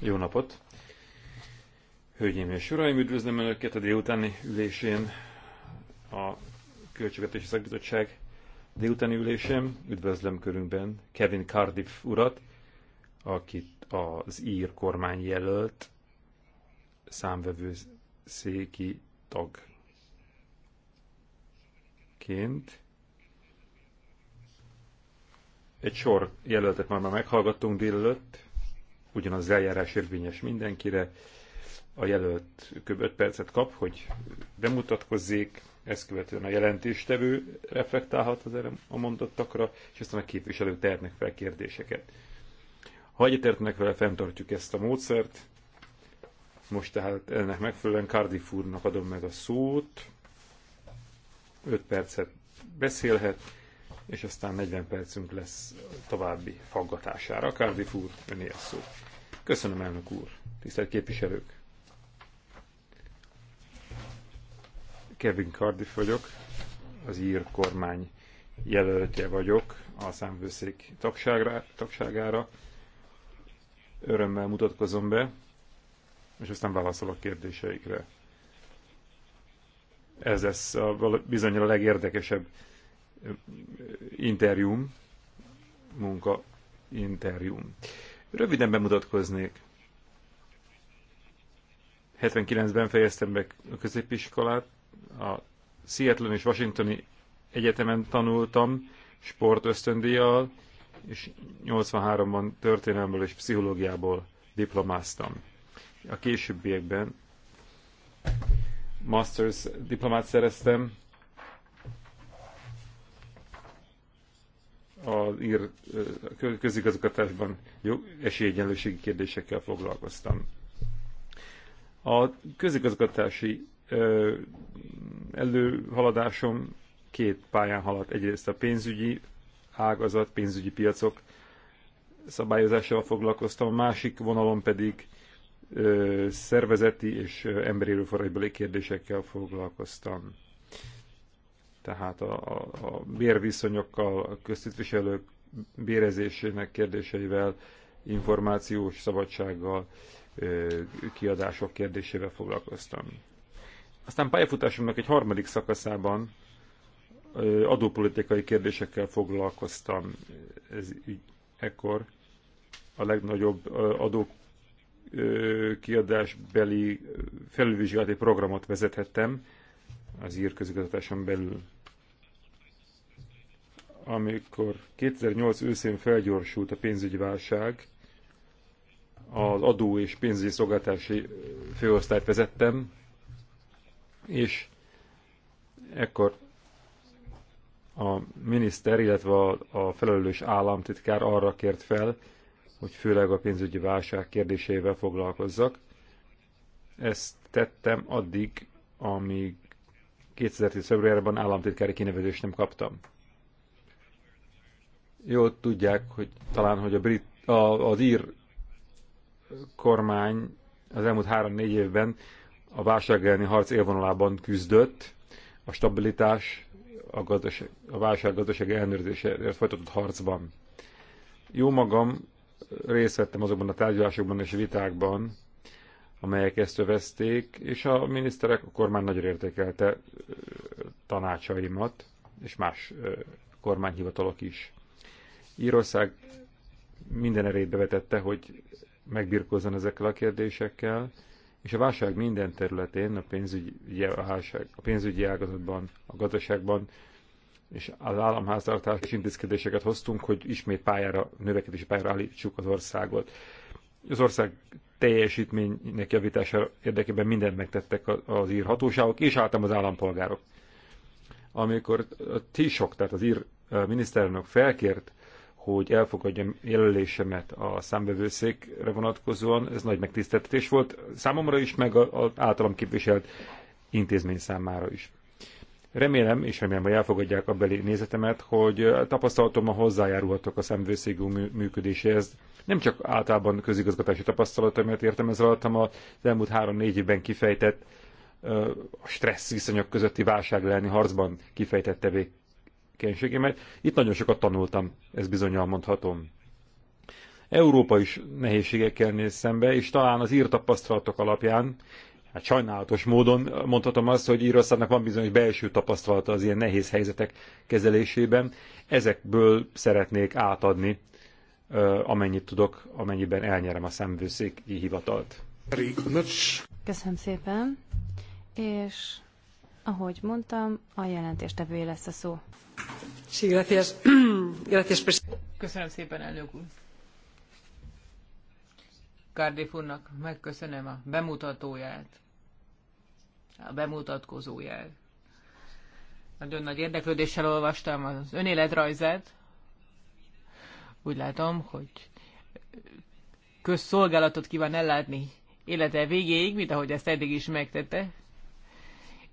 Jó napot! Hölgyeim és Uraim, üdvözlöm Önöket a délutáni ülésén, a Költségvetési Szakbizottság délutáni ülésén. Üdvözlöm körünkben Kevin Cardiff urat, akit az ír kormány jelölt számvevőszéki tagként egy sor jelöltet már, már meghallgattunk délelőtt, ugyanaz eljárás érvényes mindenkire. A jelölt kb. 5 percet kap, hogy bemutatkozzék, ezt követően a jelentéstevő reflektálhat az erre a mondottakra, és aztán a képviselő tehetnek fel kérdéseket. Ha egyetértnek vele, fenntartjuk ezt a módszert. Most tehát ennek megfelelően Cardiff úrnak adom meg a szót. 5 percet beszélhet, és aztán 40 percünk lesz további faggatására. Cardiff úr, öné a szó. Köszönöm, elnök úr. Tisztelt képviselők! Kevin Cardiff vagyok, az ír kormány jelöltje vagyok a számvőszék tagságára. Örömmel mutatkozom be, és aztán válaszolok kérdéseikre. Ez lesz a, bizonyra a legérdekesebb interjúm, munka interjúm. Röviden bemutatkoznék. 79-ben fejeztem be a középiskolát, a Seattle és Washingtoni egyetemen tanultam, sport ösztöndíjjal, és 83-ban történelmből és pszichológiából diplomáztam. A későbbiekben master's diplomát szereztem az ír közigazgatásban esélyegyenlőségi kérdésekkel foglalkoztam. A közigazgatási előhaladásom két pályán haladt. Egyrészt a pénzügyi ágazat, pénzügyi piacok szabályozásával foglalkoztam, a másik vonalon pedig szervezeti és emberi erőforrásbeli kérdésekkel foglalkoztam tehát a, a, a bérviszonyokkal, a köztisztviselők bérezésének kérdéseivel, információs szabadsággal, kiadások kérdésével foglalkoztam. Aztán pályafutásomnak egy harmadik szakaszában adópolitikai kérdésekkel foglalkoztam. Ez így, ekkor a legnagyobb adó kiadásbeli felülvizsgálati programot vezethettem az ír belül amikor 2008 őszén felgyorsult a pénzügyi válság, az adó és pénzügyi szolgáltási főosztályt vezettem, és ekkor a miniszter, illetve a felelős államtitkár arra kért fel, hogy főleg a pénzügyi válság kérdésével foglalkozzak. Ezt tettem addig, amíg 2010. februárban államtitkári kinevezést nem kaptam jól tudják, hogy talán, hogy a brit, a, az ír kormány az elmúlt három-négy évben a válság elleni harc élvonalában küzdött, a stabilitás, a, gazdaság, a válság gazdasági ellenőrzéséért folytatott harcban. Jó magam részt vettem azokban a tárgyalásokban és vitákban, amelyek ezt övezték, és a miniszterek a kormány nagyon értékelte tanácsaimat, és más kormányhivatalok is. Írország minden erét vetette, hogy megbirkózzon ezekkel a kérdésekkel, és a válság minden területén, a pénzügyi, a, válság, a pénzügyi ágazatban, a gazdaságban és az államháztartás intézkedéseket hoztunk, hogy ismét pályára, növekedési pályára állítsuk az országot. Az ország teljesítménynek javítása érdekében mindent megtettek az ír hatóságok, és álltam az állampolgárok. Amikor a Taoiseach, tehát az ír miniszterelnök felkért hogy elfogadjam jelölésemet a számbevőszékre vonatkozóan, ez nagy megtiszteltetés volt számomra is, meg az általam képviselt intézmény számára is. Remélem, és remélem, hogy elfogadják a beli nézetemet, hogy a hozzájárulhatok a szemvőszégű működéséhez. Nem csak általában közigazgatási tapasztalatomat értem ez alatt, hanem az elmúlt három-négy évben kifejtett a stressz viszonyok közötti válság lenni harcban kifejtett tevé, tevékenységemet. Itt nagyon sokat tanultam, ez bizonyal mondhatom. Európa is nehézségekkel néz szembe, és talán az ír tapasztalatok alapján, hát sajnálatos módon mondhatom azt, hogy Írországnak van bizonyos belső tapasztalata az ilyen nehéz helyzetek kezelésében. Ezekből szeretnék átadni, amennyit tudok, amennyiben elnyerem a szemvőszéki hivatalt. Köszönöm szépen, és ahogy mondtam, a jelentéstevője lesz a szó. Köszönöm szépen, elnök úr. Cardiff úrnak megköszönöm a bemutatóját, a bemutatkozóját. Nagyon nagy érdeklődéssel olvastam az önéletrajzát. Úgy látom, hogy közszolgálatot kíván ellátni élete végéig, mint ahogy ezt eddig is megtette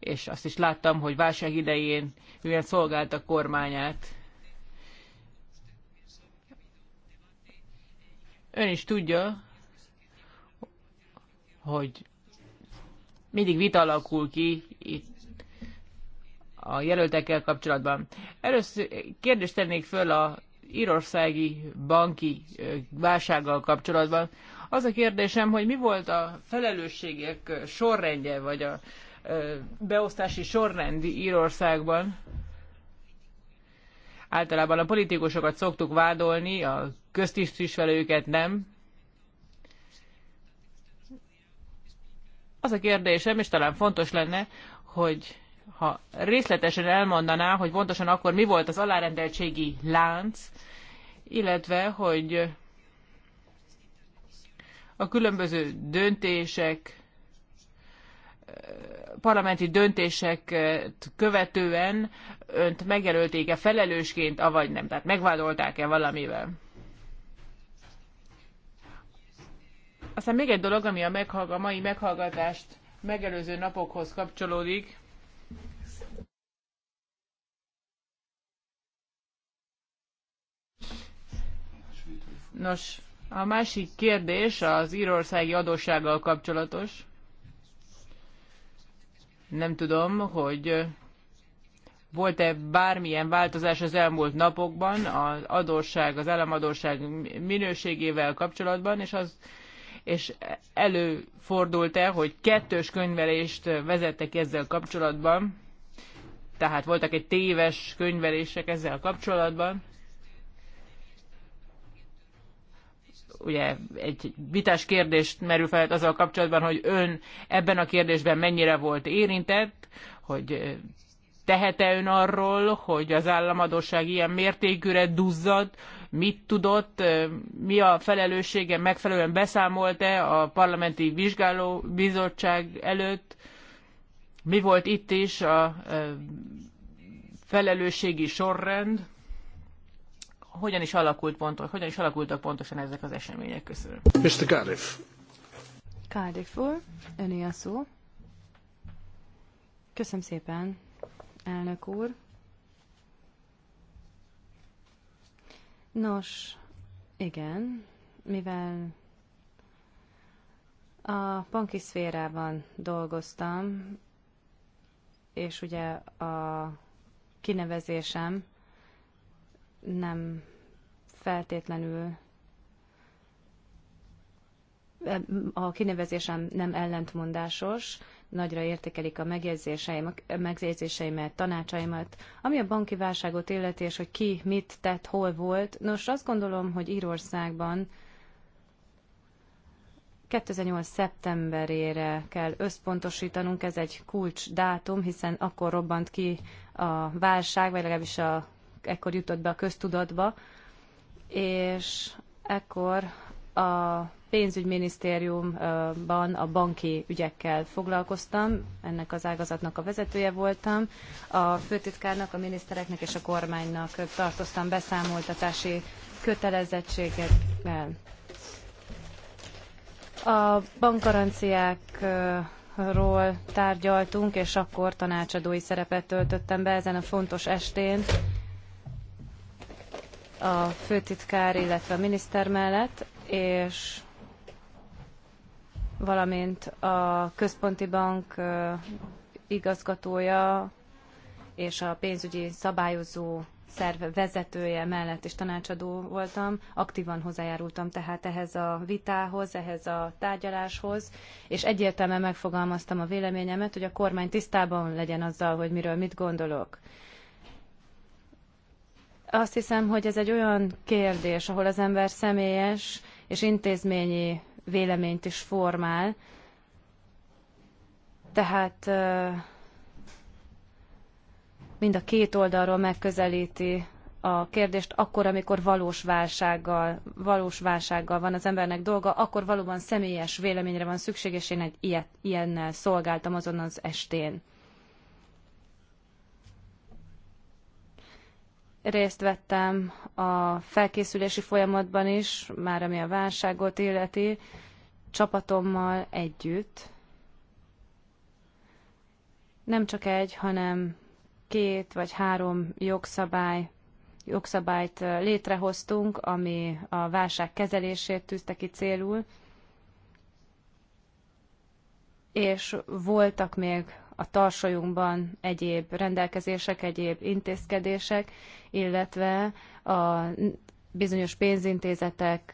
és azt is láttam, hogy válság idején milyen szolgált a kormányát. Ön is tudja, hogy mindig vita alakul ki itt a jelöltekkel kapcsolatban. Először kérdést tennék föl a írországi banki válsággal kapcsolatban. Az a kérdésem, hogy mi volt a felelősségek sorrendje, vagy a beosztási sorrendi Írországban. Általában a politikusokat szoktuk vádolni, a köztisztviselőket nem. Az a kérdésem, és talán fontos lenne, hogy ha részletesen elmondaná, hogy pontosan akkor mi volt az alárendeltségi lánc, illetve hogy a különböző döntések parlamenti döntéseket követően önt megjelölték-e felelősként, avagy nem? Tehát megvádolták-e valamivel? Aztán még egy dolog, ami a, meghallg- a mai meghallgatást megelőző napokhoz kapcsolódik. Nos, a másik kérdés az írországi adóssággal kapcsolatos. Nem tudom, hogy volt-e bármilyen változás az elmúlt napokban az adósság, az államadóság minőségével kapcsolatban, és az és előfordult-e, hogy kettős könyvelést vezettek ezzel kapcsolatban, tehát voltak egy téves könyvelések ezzel kapcsolatban. ugye egy vitás kérdést merül fel azzal kapcsolatban, hogy ön ebben a kérdésben mennyire volt érintett, hogy tehet-e ön arról, hogy az államadóság ilyen mértékűre duzzad, mit tudott, mi a felelőssége, megfelelően beszámolt-e a parlamenti vizsgáló bizottság előtt, mi volt itt is a felelősségi sorrend, hogyan is, alakult pontos, hogyan is alakultak pontosan ezek az események. közül. Mr. Cardiff. Cardiff úr, öné a szó. Köszönöm szépen, elnök úr. Nos, igen, mivel a banki szférában dolgoztam, és ugye a kinevezésem nem feltétlenül a kinevezésem nem ellentmondásos, nagyra értékelik a megjegyzéseim, megjegyzéseimet, tanácsaimat, ami a banki válságot illeti, és hogy ki mit tett, hol volt. Nos, azt gondolom, hogy Írországban 2008. szeptemberére kell összpontosítanunk, ez egy kulcs dátum, hiszen akkor robbant ki a válság, vagy legalábbis a ekkor jutott be a köztudatba, és ekkor a pénzügyminisztériumban a banki ügyekkel foglalkoztam, ennek az ágazatnak a vezetője voltam. A főtitkárnak, a minisztereknek és a kormánynak tartoztam beszámoltatási kötelezettségekkel. A bankgaranciákról tárgyaltunk, és akkor tanácsadói szerepet töltöttem be ezen a fontos estén, a főtitkár, illetve a miniszter mellett, és valamint a központi bank igazgatója és a pénzügyi szabályozó szerve vezetője mellett is tanácsadó voltam, aktívan hozzájárultam tehát ehhez a vitához, ehhez a tárgyaláshoz, és egyértelműen megfogalmaztam a véleményemet, hogy a kormány tisztában legyen azzal, hogy miről mit gondolok. Azt hiszem, hogy ez egy olyan kérdés, ahol az ember személyes és intézményi véleményt is formál. Tehát mind a két oldalról megközelíti a kérdést, akkor, amikor valós válsággal, valós válsággal van az embernek dolga, akkor valóban személyes véleményre van szükség, és én egy ilyet, ilyennel szolgáltam azon az estén. részt vettem a felkészülési folyamatban is, már ami a válságot illeti, csapatommal együtt. Nem csak egy, hanem két vagy három jogszabály, jogszabályt létrehoztunk, ami a válság kezelését tűzte ki célul, és voltak még a tarsolyunkban egyéb rendelkezések, egyéb intézkedések, illetve a bizonyos pénzintézetek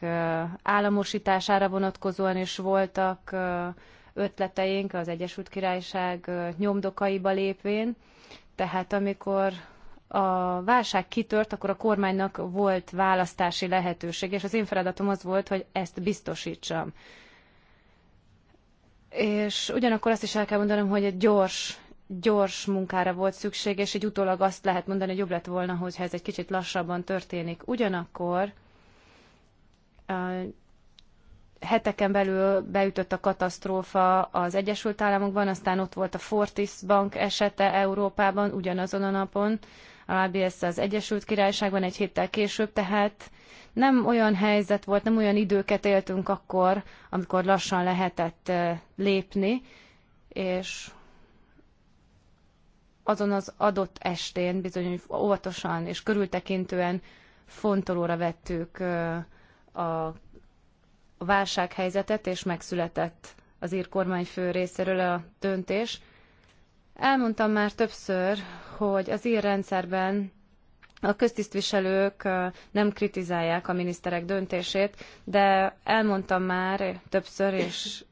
államosítására vonatkozóan is voltak ötleteink az Egyesült Királyság nyomdokaiba lépvén. Tehát amikor a válság kitört, akkor a kormánynak volt választási lehetőség, és az én feladatom az volt, hogy ezt biztosítsam. És ugyanakkor azt is el kell mondanom, hogy egy gyors, gyors munkára volt szükség, és egy utólag azt lehet mondani, hogy jobb lett volna, hogyha ez egy kicsit lassabban történik. Ugyanakkor heteken belül beütött a katasztrófa az Egyesült Államokban, aztán ott volt a Fortis Bank esete Európában ugyanazon a napon, a ABS az Egyesült Királyságban egy héttel később, tehát nem olyan helyzet volt, nem olyan időket éltünk akkor, amikor lassan lehetett lépni, és azon az adott estén bizony óvatosan és körültekintően fontolóra vettük a válsághelyzetet, és megszületett az ír kormányfő részéről a döntés. Elmondtam már többször, hogy az ír rendszerben a köztisztviselők nem kritizálják a miniszterek döntését, de elmondtam már többször, és,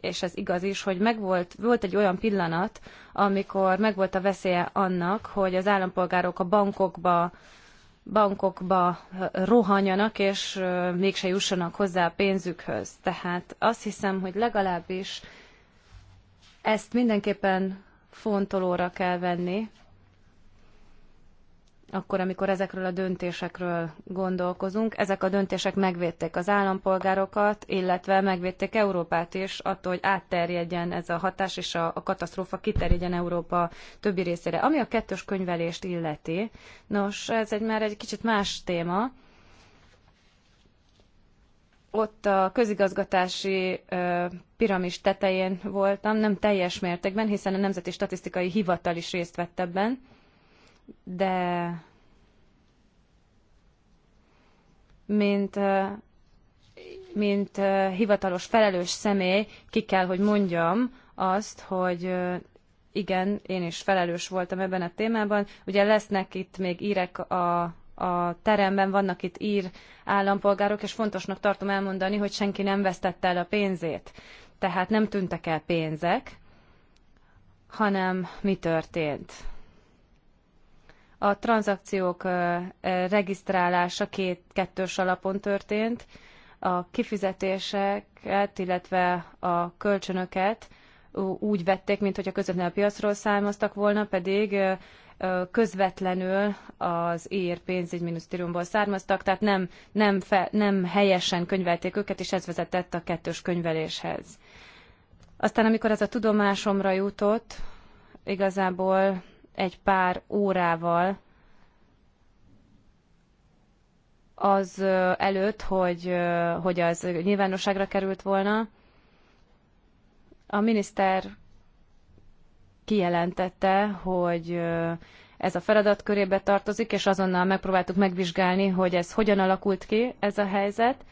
és ez igaz is, hogy megvolt, volt egy olyan pillanat, amikor megvolt a veszélye annak, hogy az állampolgárok a bankokba bankokba rohanjanak, és mégse jussanak hozzá a pénzükhöz. Tehát azt hiszem, hogy legalábbis ezt mindenképpen fontolóra kell venni, akkor, amikor ezekről a döntésekről gondolkozunk. Ezek a döntések megvédték az állampolgárokat, illetve megvédték Európát is attól, hogy átterjedjen ez a hatás és a, a katasztrófa kiterjedjen Európa többi részére. Ami a kettős könyvelést illeti, nos, ez egy már egy kicsit más téma. Ott a közigazgatási ö, piramis tetején voltam, nem teljes mértékben, hiszen a Nemzeti Statisztikai Hivatal is részt vett ebben de mint, mint hivatalos felelős személy ki kell, hogy mondjam azt, hogy igen, én is felelős voltam ebben a témában. Ugye lesznek itt még írek a, a teremben, vannak itt ír állampolgárok, és fontosnak tartom elmondani, hogy senki nem vesztette el a pénzét. Tehát nem tűntek el pénzek, hanem mi történt. A tranzakciók regisztrálása két, kettős alapon történt, a kifizetéseket, illetve a kölcsönöket úgy vették, mint hogy a közvetlenül a piacról származtak volna, pedig közvetlenül az ér pénzügyminisztériumból származtak, tehát nem, nem, fe, nem helyesen könyvelték őket, és ez vezetett a kettős könyveléshez. Aztán, amikor ez a tudomásomra jutott, igazából egy pár órával az előtt, hogy, hogy az nyilvánosságra került volna. A miniszter kijelentette, hogy ez a feladat körébe tartozik, és azonnal megpróbáltuk megvizsgálni, hogy ez hogyan alakult ki ez a helyzet.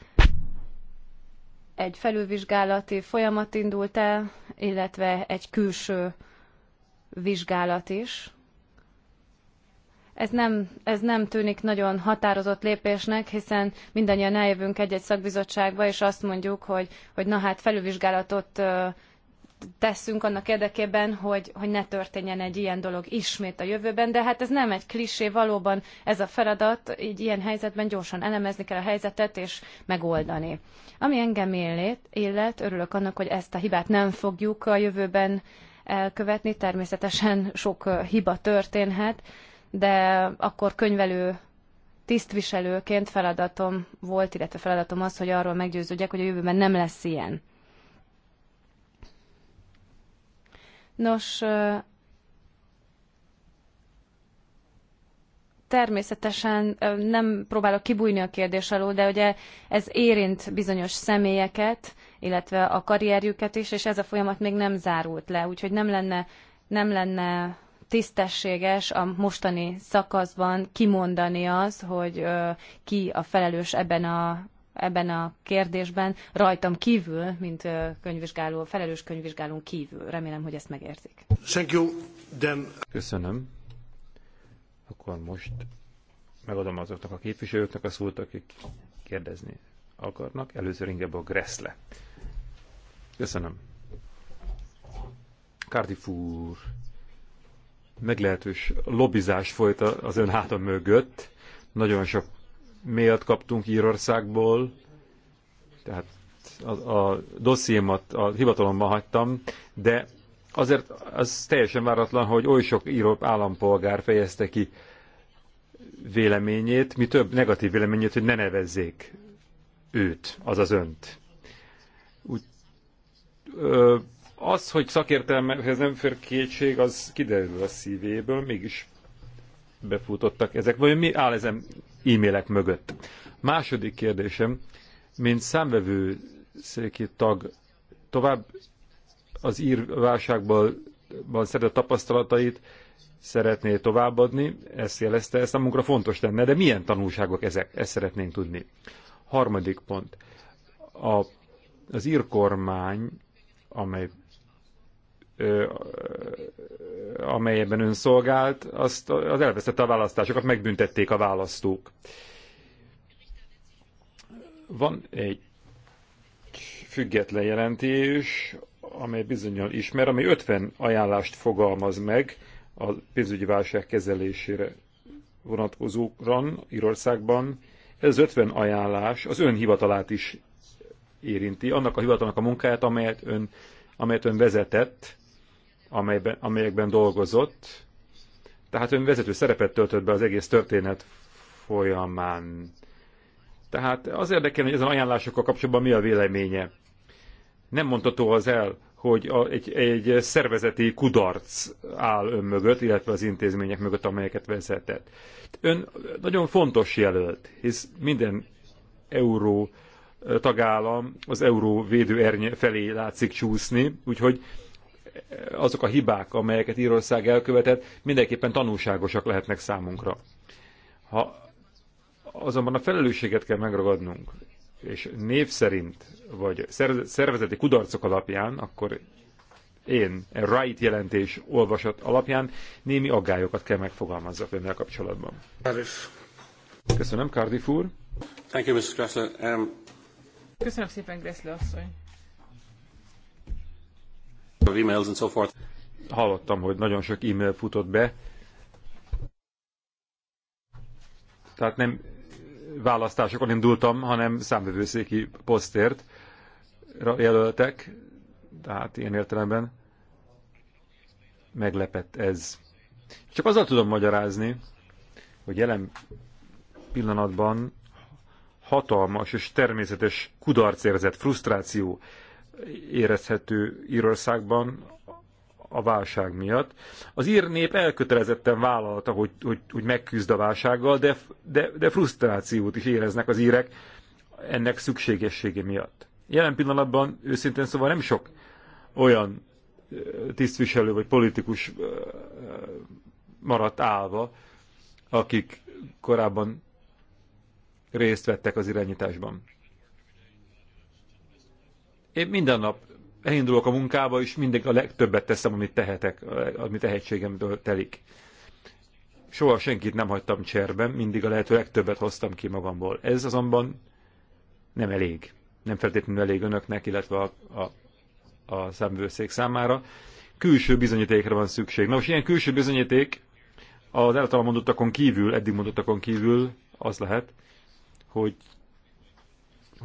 Egy felülvizsgálati folyamat indult el, illetve egy külső vizsgálat is. Ez nem, ez nem tűnik nagyon határozott lépésnek, hiszen mindannyian eljövünk egy-egy szakbizottságba, és azt mondjuk, hogy, hogy na hát felülvizsgálatot teszünk annak érdekében, hogy, hogy ne történjen egy ilyen dolog ismét a jövőben, de hát ez nem egy klisé, valóban ez a feladat, így ilyen helyzetben gyorsan elemezni kell a helyzetet és megoldani. Ami engem illet, illet örülök annak, hogy ezt a hibát nem fogjuk a jövőben elkövetni, természetesen sok hiba történhet, de akkor könyvelő tisztviselőként feladatom volt, illetve feladatom az, hogy arról meggyőződjek, hogy a jövőben nem lesz ilyen. Nos, természetesen nem próbálok kibújni a kérdés alól, de ugye ez érint bizonyos személyeket, illetve a karrierjüket is, és ez a folyamat még nem zárult le, úgyhogy nem lenne, nem lenne tisztességes a mostani szakaszban kimondani az, hogy ki a felelős ebben a ebben a kérdésben rajtam kívül, mint könyvvizsgáló, felelős könyvvizsgálón kívül. Remélem, hogy ezt megértik. Thank you, Köszönöm. Akkor most megadom azoknak a képviselőknek a szót, akik kérdezni akarnak. Először inkább a Gressle. Köszönöm. Cardiff úr, meglehetős lobbizás folyt az ön háta mögött. Nagyon sok mailt kaptunk Írországból, tehát a, a dossziémat a hivatalomban hagytam, de azért az teljesen váratlan, hogy oly sok író állampolgár fejezte ki véleményét, mi több negatív véleményét, hogy ne nevezzék őt, azaz önt. Úgy, ö, az, hogy szakértelmehez nem fér kétség, az kiderül a szívéből, mégis befutottak ezek. Vagy mi áll ezen e-mailek mögött? Második kérdésem, mint számvevő széki tag, tovább az ír szeret a tapasztalatait szeretné továbbadni, ezt jelezte, ezt számunkra fontos lenne, de milyen tanulságok ezek? Ezt szeretnénk tudni. Harmadik pont. A, az ír kormány, amely amelyben ön szolgált, azt az elvesztette a választásokat, megbüntették a választók. Van egy független jelentés, amely bizonyal ismer, amely 50 ajánlást fogalmaz meg a pénzügyi válság kezelésére vonatkozókran Írországban. Ez az 50 ajánlás az ön hivatalát is érinti, annak a hivatalnak a munkáját, amelyet ön, amelyet ön vezetett, amelyben, amelyekben dolgozott. Tehát ön vezető szerepet töltött be az egész történet folyamán. Tehát az érdekel, hogy ezen ajánlásokkal kapcsolatban mi a véleménye. Nem mondható az el, hogy a, egy, egy szervezeti kudarc áll ön mögött, illetve az intézmények mögött, amelyeket vezetett. Ön nagyon fontos jelölt, hisz minden euró eh, tagállam az euró védőernye felé látszik csúszni, úgyhogy azok a hibák, amelyeket Írország elkövetett, mindenképpen tanulságosak lehetnek számunkra. Ha azonban a felelősséget kell megragadnunk, és név szerint, vagy szervezeti kudarcok alapján, akkor én, a e Right jelentés olvasat alapján némi aggályokat kell megfogalmazzak önnel kapcsolatban. Cardiff. Köszönöm, Cardiff úr. Thank you, Mr. Um... Köszönöm szépen, Gressler asszony. Emails and so forth. Hallottam, hogy nagyon sok e-mail futott be. Tehát nem választásokon indultam, hanem számvevőszéki posztért jelöltek, tehát ilyen értelemben meglepett ez. Csak azzal tudom magyarázni, hogy jelen pillanatban hatalmas és természetes kudarcérzet, frusztráció érezhető Írországban a válság miatt. Az ír nép elkötelezetten vállalta, hogy, hogy, hogy megküzd a válsággal, de, de, de frusztrációt is éreznek az írek ennek szükségessége miatt. Jelen pillanatban őszintén szóval nem sok olyan tisztviselő vagy politikus maradt állva, akik korábban részt vettek az irányításban. Én minden nap elindulok a munkába, és mindig a legtöbbet teszem, amit tehetek, amit tehetségemből telik. Soha senkit nem hagytam cserben, mindig a lehető legtöbbet hoztam ki magamból. Ez azonban nem elég. Nem feltétlenül elég önöknek, illetve a, a, a számvőszék számára. Külső bizonyítékra van szükség. Na most ilyen külső bizonyíték az általam mondottakon kívül, eddig mondottakon kívül az lehet, hogy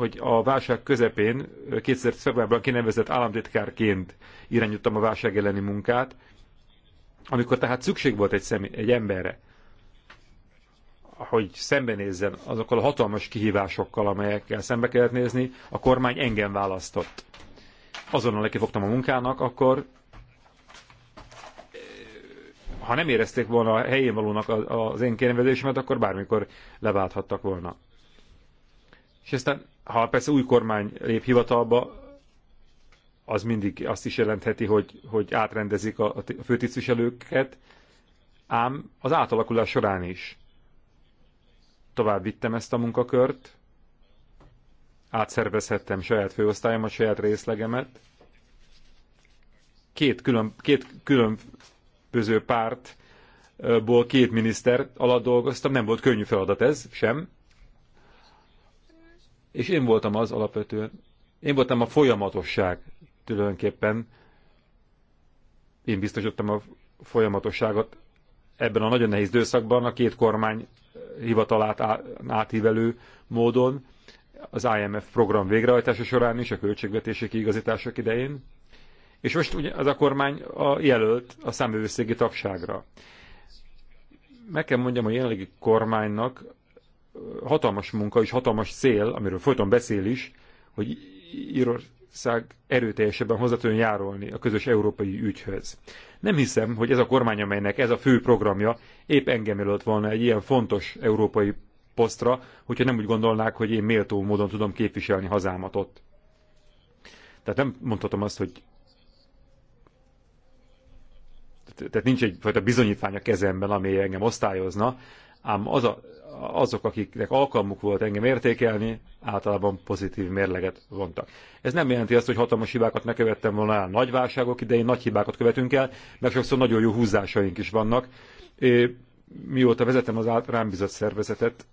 hogy a válság közepén, 2000 februárban kinevezett államtitkárként irányítottam a válság elleni munkát, amikor tehát szükség volt egy, személy, egy emberre, hogy szembenézzen azokkal a hatalmas kihívásokkal, amelyekkel szembe kellett nézni, a kormány engem választott. Azonnal nekifogtam a munkának, akkor ha nem érezték volna a helyén valónak az én kérdezésemet, akkor bármikor leválthattak volna. És aztán ha persze új kormány lép hivatalba, az mindig azt is jelentheti, hogy, hogy átrendezik a, a főtisztviselőket, ám az átalakulás során is tovább vittem ezt a munkakört, átszervezhettem saját főosztályomat, saját részlegemet. Két, külön, két különböző pártból két miniszter alatt dolgoztam, nem volt könnyű feladat ez sem, és én voltam az alapvetően, én voltam a folyamatosság tulajdonképpen, én biztosítottam a folyamatosságot ebben a nagyon nehéz időszakban a két kormány hivatalát átívelő módon, az IMF program végrehajtása során is, a költségvetési kiigazítások idején, és most ugye az a kormány a jelölt a számövőszégi tagságra. Meg kell mondjam, a jelenlegi kormánynak hatalmas munka és hatalmas cél, amiről folyton beszél is, hogy Írország erőteljesebben hozzá tudjon járulni a közös európai ügyhöz. Nem hiszem, hogy ez a kormány, amelynek ez a fő programja, épp engem jelölt volna egy ilyen fontos európai posztra, hogyha nem úgy gondolnák, hogy én méltó módon tudom képviselni hazámat ott. Tehát nem mondhatom azt, hogy tehát nincs egyfajta bizonyítvány a kezemben, ami engem osztályozna, ám az a, azok, akiknek alkalmuk volt engem értékelni, általában pozitív mérleget vontak. Ez nem jelenti azt, hogy hatalmas hibákat ne követtem volna el. Nagy válságok idején nagy hibákat követünk el, mert sokszor nagyon jó húzásaink is vannak. Mióta vezetem az rám bizott szervezetet,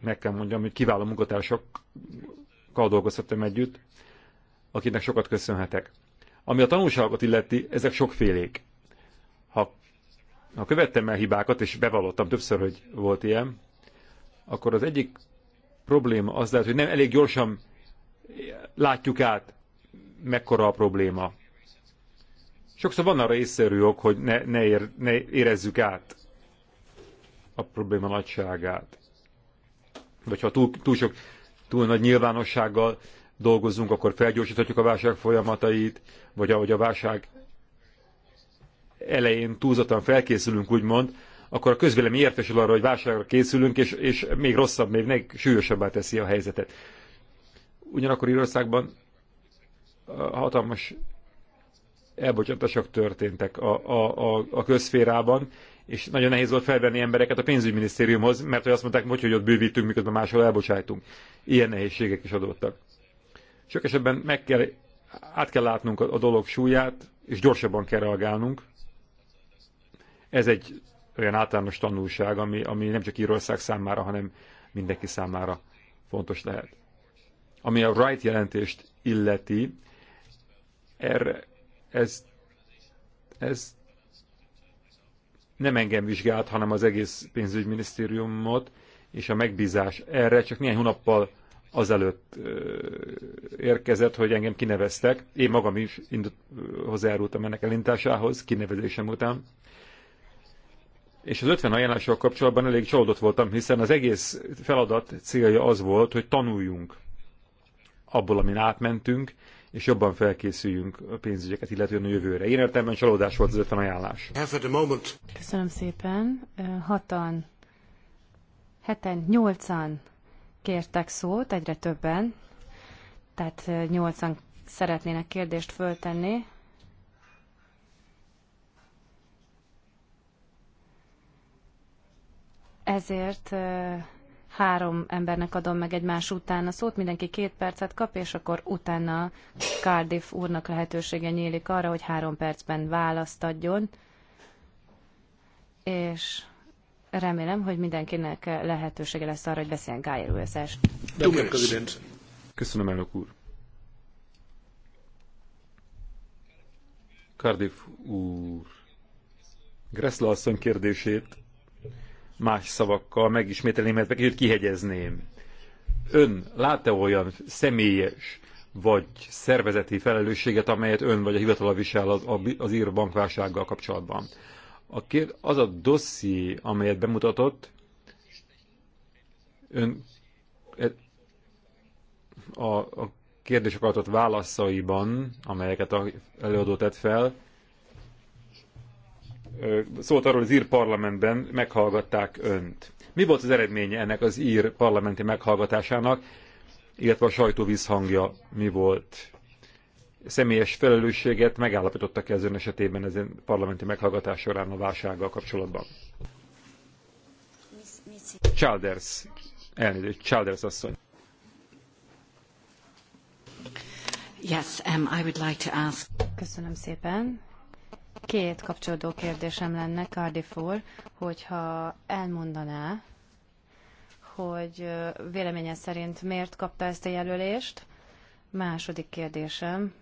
meg kell mondjam, hogy kiváló munkatársakkal dolgozhattam együtt, akinek sokat köszönhetek. Ami a tanulságot illeti, ezek sokfélék ha követtem el hibákat, és bevallottam többször, hogy volt ilyen, akkor az egyik probléma az lehet, hogy nem elég gyorsan látjuk át, mekkora a probléma. Sokszor van arra észszerű ok, hogy ne, ne, ér, ne érezzük át a probléma nagyságát. Vagy ha túl, túl sok, túl nagy nyilvánossággal dolgozunk, akkor felgyorsíthatjuk a válság folyamatait, vagy ahogy a válság elején túlzottan felkészülünk, úgymond, akkor a közvélemény értesül arra, hogy válságra készülünk, és, és még rosszabb, még meg súlyosabbá teszi a helyzetet. Ugyanakkor Írországban hatalmas elbocsátások történtek a, a, a, a közférában, és nagyon nehéz volt felvenni embereket a pénzügyminisztériumhoz, mert hogy azt mondták, hogy, hogy ott bővítünk, miközben máshol elbocsájtunk. Ilyen nehézségek is adottak. Sok esetben meg kell, át kell látnunk a, a dolog súlyát, és gyorsabban kell reagálnunk, ez egy olyan általános tanulság, ami, ami nem csak Írország számára, hanem mindenki számára fontos lehet. Ami a right jelentést illeti, erre, ez, ez nem engem vizsgált, hanem az egész pénzügyminisztériumot és a megbízás erre csak néhány hónappal azelőtt érkezett, hogy engem kineveztek. Én magam is indult, hozzájárultam ennek elintásához, kinevezésem után és az 50 ajánlással kapcsolatban elég csalódott voltam, hiszen az egész feladat célja az volt, hogy tanuljunk abból, amin átmentünk, és jobban felkészüljünk a pénzügyeket, illetően a jövőre. Én értelemben csalódás volt az 50 ajánlás. Köszönöm szépen. Hatan, heten, nyolcan kértek szót, egyre többen. Tehát nyolcan szeretnének kérdést föltenni. ezért három embernek adom meg egymás után a szót, mindenki két percet kap, és akkor utána Cardiff úrnak lehetősége nyílik arra, hogy három percben választ adjon, és remélem, hogy mindenkinek lehetősége lesz arra, hogy beszéljen Gájer Wilson. Köszönöm, elnök úr. Cardiff úr. Gressler asszony kérdését más szavakkal megismételném, mert kicsit kihegyezném. Ön lát-e olyan személyes vagy szervezeti felelősséget, amelyet ön vagy a hivatala visel az, az ír bankválsággal kapcsolatban? A kér, az a dosszi, amelyet bemutatott, ön e, a, a kérdések adott válaszaiban, amelyeket a előadó tett fel, szólt arról, hogy az ír parlamentben meghallgatták önt. Mi volt az eredménye ennek az ír parlamenti meghallgatásának, illetve a sajtó visszhangja mi volt? Személyes felelősséget megállapítottak -e ezen esetében ezen parlamenti meghallgatás során a válsággal kapcsolatban? Childers, elnézést, Childers asszony. Yes, um, I would like to ask... Köszönöm szépen. Két kapcsolódó kérdésem lenne, Cardiff úr, hogyha elmondaná, hogy véleménye szerint miért kapta ezt a jelölést. Második kérdésem,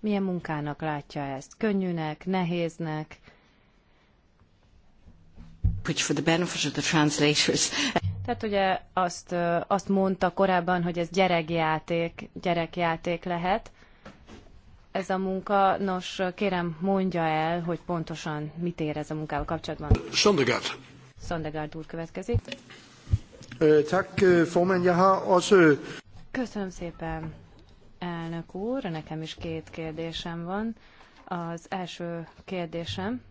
milyen munkának látja ezt? Könnyűnek, nehéznek? Which for the benefit of the translators. Tehát ugye azt, azt mondta korábban, hogy ez gyerekjáték, gyerekjáték lehet ez a munka. Nos, kérem mondja el, hogy pontosan mit ér ez a munkával kapcsolatban. Sondegard. Sondegard úr következik. Tak, Köszönöm szépen, elnök úr. Nekem is két kérdésem van. Az első kérdésem.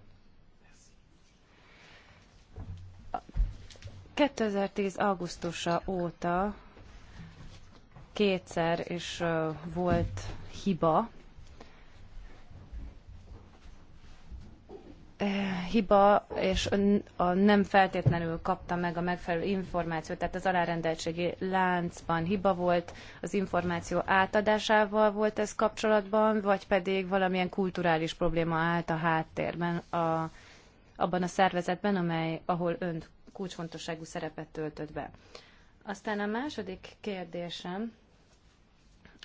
2010. augusztusa óta kétszer is volt hiba Eh, hiba, és a nem feltétlenül kapta meg a megfelelő információt, tehát az alárendeltségi láncban hiba volt, az információ átadásával volt ez kapcsolatban, vagy pedig valamilyen kulturális probléma állt a háttérben a, abban a szervezetben, amely, ahol ön kulcsfontosságú szerepet töltött be. Aztán a második kérdésem,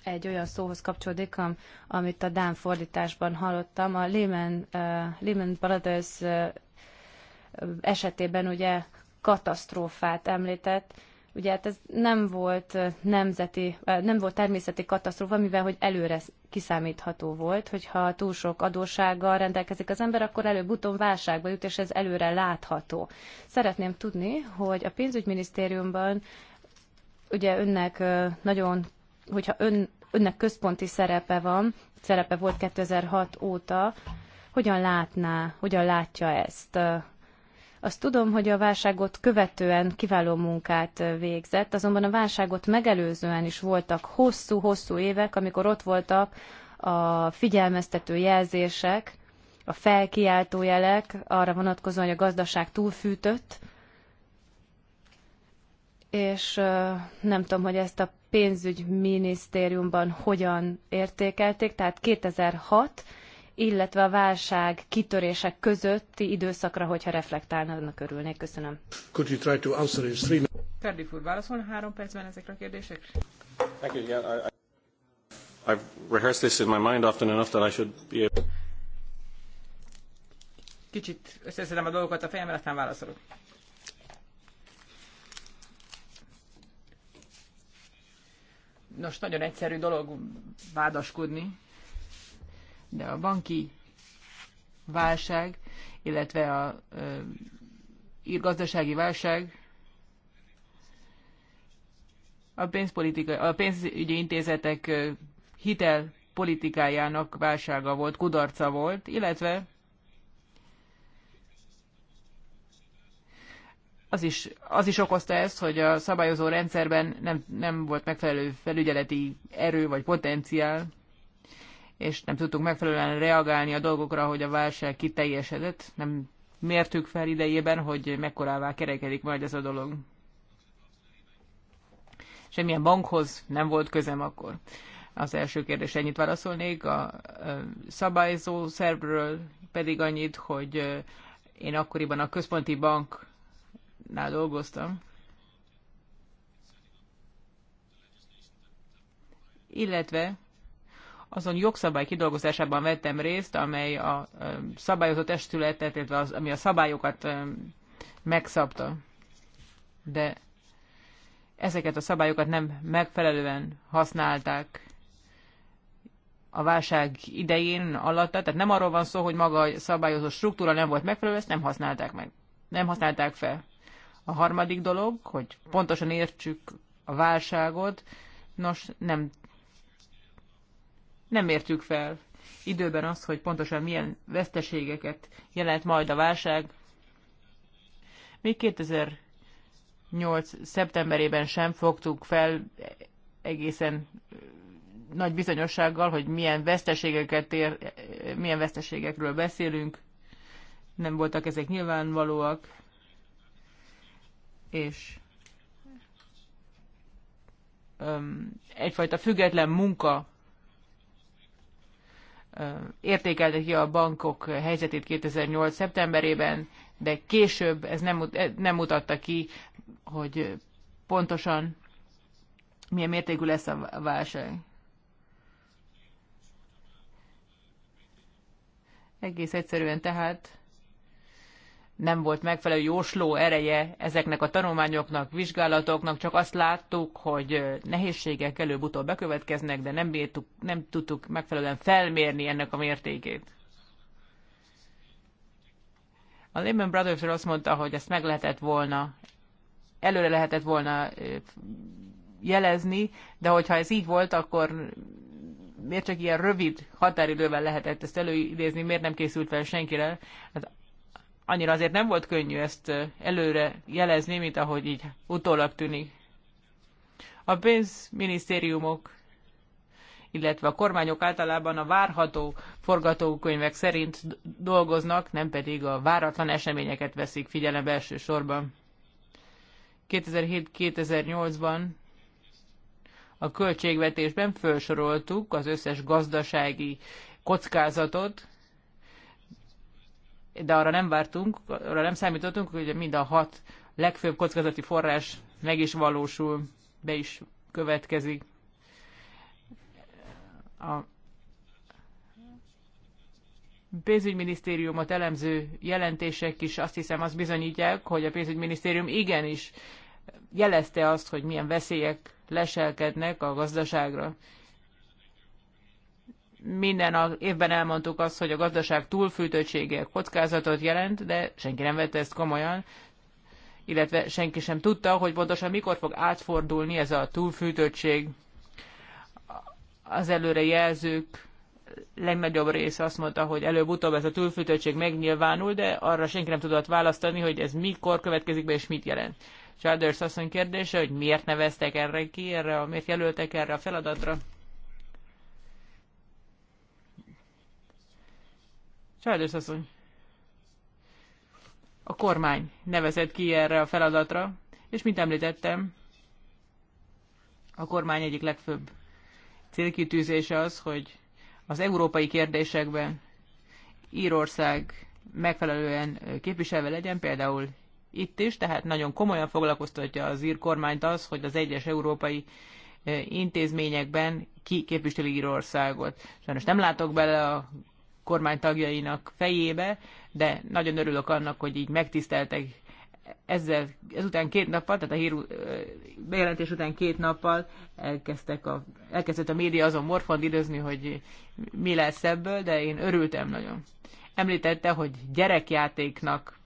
egy olyan szóhoz kapcsolódik, am, amit a Dán fordításban hallottam. A Lehman, uh, Lehman Brothers uh, esetében ugye katasztrófát említett, Ugye hát ez nem volt nemzeti, nem volt természeti katasztrófa, mivel hogy előre kiszámítható volt, hogyha túl sok adósággal rendelkezik az ember, akkor előbb-utóbb válságba jut, és ez előre látható. Szeretném tudni, hogy a pénzügyminisztériumban ugye önnek nagyon hogyha ön, önnek központi szerepe van, szerepe volt 2006 óta, hogyan látná, hogyan látja ezt? Azt tudom, hogy a válságot követően kiváló munkát végzett, azonban a válságot megelőzően is voltak hosszú-hosszú évek, amikor ott voltak a figyelmeztető jelzések, a felkiáltó jelek arra vonatkozóan, hogy a gazdaság túlfűtött, és nem tudom, hogy ezt a pénzügyminisztériumban hogyan értékelték, tehát 2006, illetve a válság kitörések közötti időszakra, hogyha reflektálna, annak örülnék. Köszönöm. Could you try to answer in three Cardiff úr, válaszolna három percben ezekre a kérdésekre? Thank you. Yeah, I, I've rehearsed this in my mind often enough that I should be able... Kicsit összeszedem a dolgokat a fejemben, aztán válaszolok. Nos, nagyon egyszerű dolog vádaskodni, de a banki válság, illetve a gazdasági válság a, pénzpolitika, a pénzügyi intézetek hitel politikájának válsága volt, kudarca volt, illetve az is, az is okozta ezt, hogy a szabályozó rendszerben nem, nem volt megfelelő felügyeleti erő vagy potenciál, és nem tudtuk megfelelően reagálni a dolgokra, hogy a válság kiteljesedett. Nem mértük fel idejében, hogy mekkorává kerekedik majd ez a dolog. Semmilyen bankhoz nem volt közem akkor. Az első kérdés ennyit válaszolnék. A szabályzó szervről pedig annyit, hogy én akkoriban a központi bank nál dolgoztam. Illetve azon jogszabály kidolgozásában vettem részt, amely a szabályozó testületet, illetve az, ami a szabályokat megszabta. De ezeket a szabályokat nem megfelelően használták a válság idején alatt, tehát nem arról van szó, hogy maga a szabályozó struktúra nem volt megfelelő, ezt nem használták meg, nem használták fel. A harmadik dolog, hogy pontosan értsük a válságot, nos, nem, nem értjük fel időben azt, hogy pontosan milyen veszteségeket jelent majd a válság. Még 2008. szeptemberében sem fogtuk fel egészen nagy bizonyossággal, hogy milyen veszteségeket ér, milyen veszteségekről beszélünk. Nem voltak ezek nyilvánvalóak és egyfajta független munka értékelte ki a bankok helyzetét 2008. szeptemberében, de később ez nem, nem mutatta ki, hogy pontosan milyen mértékű lesz a válság. Egész egyszerűen tehát nem volt megfelelő jósló ereje ezeknek a tanulmányoknak, vizsgálatoknak, csak azt láttuk, hogy nehézségek előbb-utóbb bekövetkeznek, de nem, bírtuk, nem tudtuk megfelelően felmérni ennek a mértékét. A Lehman Brothers azt mondta, hogy ezt meg lehetett volna, előre lehetett volna jelezni, de hogyha ez így volt, akkor miért csak ilyen rövid határidővel lehetett ezt előidézni, miért nem készült fel senkire? Hát annyira azért nem volt könnyű ezt előre jelezni, mint ahogy így utólag tűnik. A pénzminisztériumok, illetve a kormányok általában a várható forgatókönyvek szerint dolgoznak, nem pedig a váratlan eseményeket veszik figyelembe elsősorban. 2007-2008-ban a költségvetésben felsoroltuk az összes gazdasági kockázatot, de arra nem vártunk, arra nem számítottunk, hogy mind a hat legfőbb kockázati forrás meg is valósul, be is következik. A pénzügyminisztériumot elemző jelentések is azt hiszem azt bizonyítják, hogy a pénzügyminisztérium igenis jelezte azt, hogy milyen veszélyek leselkednek a gazdaságra minden évben elmondtuk azt, hogy a gazdaság túlfűtöttsége kockázatot jelent, de senki nem vette ezt komolyan, illetve senki sem tudta, hogy pontosan mikor fog átfordulni ez a túlfűtöttség. Az előre jelzők legnagyobb része azt mondta, hogy előbb-utóbb ez a túlfűtöttség megnyilvánul, de arra senki nem tudott választani, hogy ez mikor következik be és mit jelent. Childers asszony kérdése, hogy miért neveztek erre ki, erre, miért jelöltek erre a feladatra. Sajnos asszony. A kormány nevezett ki erre a feladatra, és mint említettem, a kormány egyik legfőbb célkitűzése az, hogy az európai kérdésekben Írország megfelelően képviselve legyen, például itt is, tehát nagyon komolyan foglalkoztatja az ír kormányt az, hogy az egyes európai eh, intézményekben ki képviseli Írországot. Sajnos nem látok bele a kormány tagjainak fejébe, de nagyon örülök annak, hogy így megtiszteltek ezzel, ezután két nappal, tehát a hír, bejelentés után két nappal elkezdtek a, elkezdett a média azon morfondírozni, hogy mi lesz ebből, de én örültem nagyon. Említette, hogy gyerekjátéknak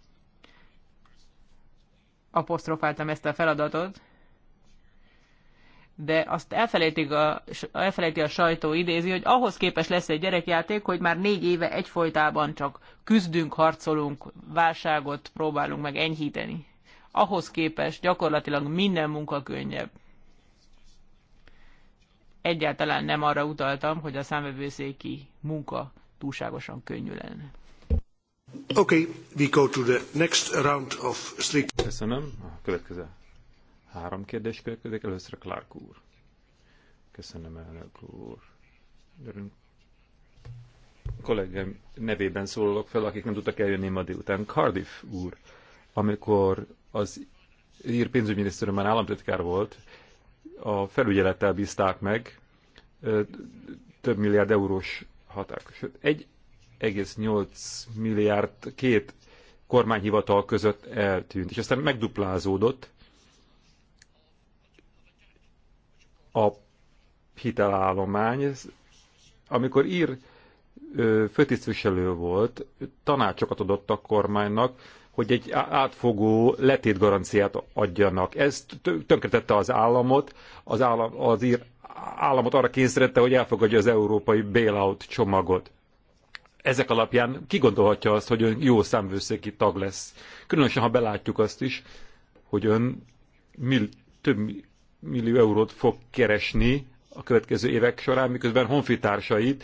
apostrofáltam ezt a feladatot, de azt elfelejtik a, elfelejti a sajtó idézi, hogy ahhoz képes lesz egy gyerekjáték, hogy már négy éve egyfolytában csak küzdünk, harcolunk, válságot próbálunk meg enyhíteni. Ahhoz képes gyakorlatilag minden munka könnyebb. Egyáltalán nem arra utaltam, hogy a számvevőszéki munka túlságosan könnyű lenne. Okay, we go to the next round of sleep Köszönöm. A következő Három kérdés következik, először Clark úr. Köszönöm, elnök úr. Örünk. Kollégám nevében szólok fel, akik nem tudtak eljönni ma délután. Cardiff úr, amikor az ír pénzügyminiszter már államtitkár volt, a felügyelettel bízták meg több milliárd eurós határok. 1,8 milliárd két kormányhivatal között eltűnt, és aztán megduplázódott, a hitelállomány, ez, amikor ír főtisztviselő volt, tanácsokat adott a kormánynak, hogy egy átfogó letétgaranciát adjanak. Ez tönkretette az államot, az, állam, az ír államot arra kényszerítette, hogy elfogadja az európai bailout csomagot. Ezek alapján kigondolhatja azt, hogy ön jó számvőszéki tag lesz. Különösen, ha belátjuk azt is, hogy ön mil, több millió eurót fog keresni a következő évek során, miközben honfitársait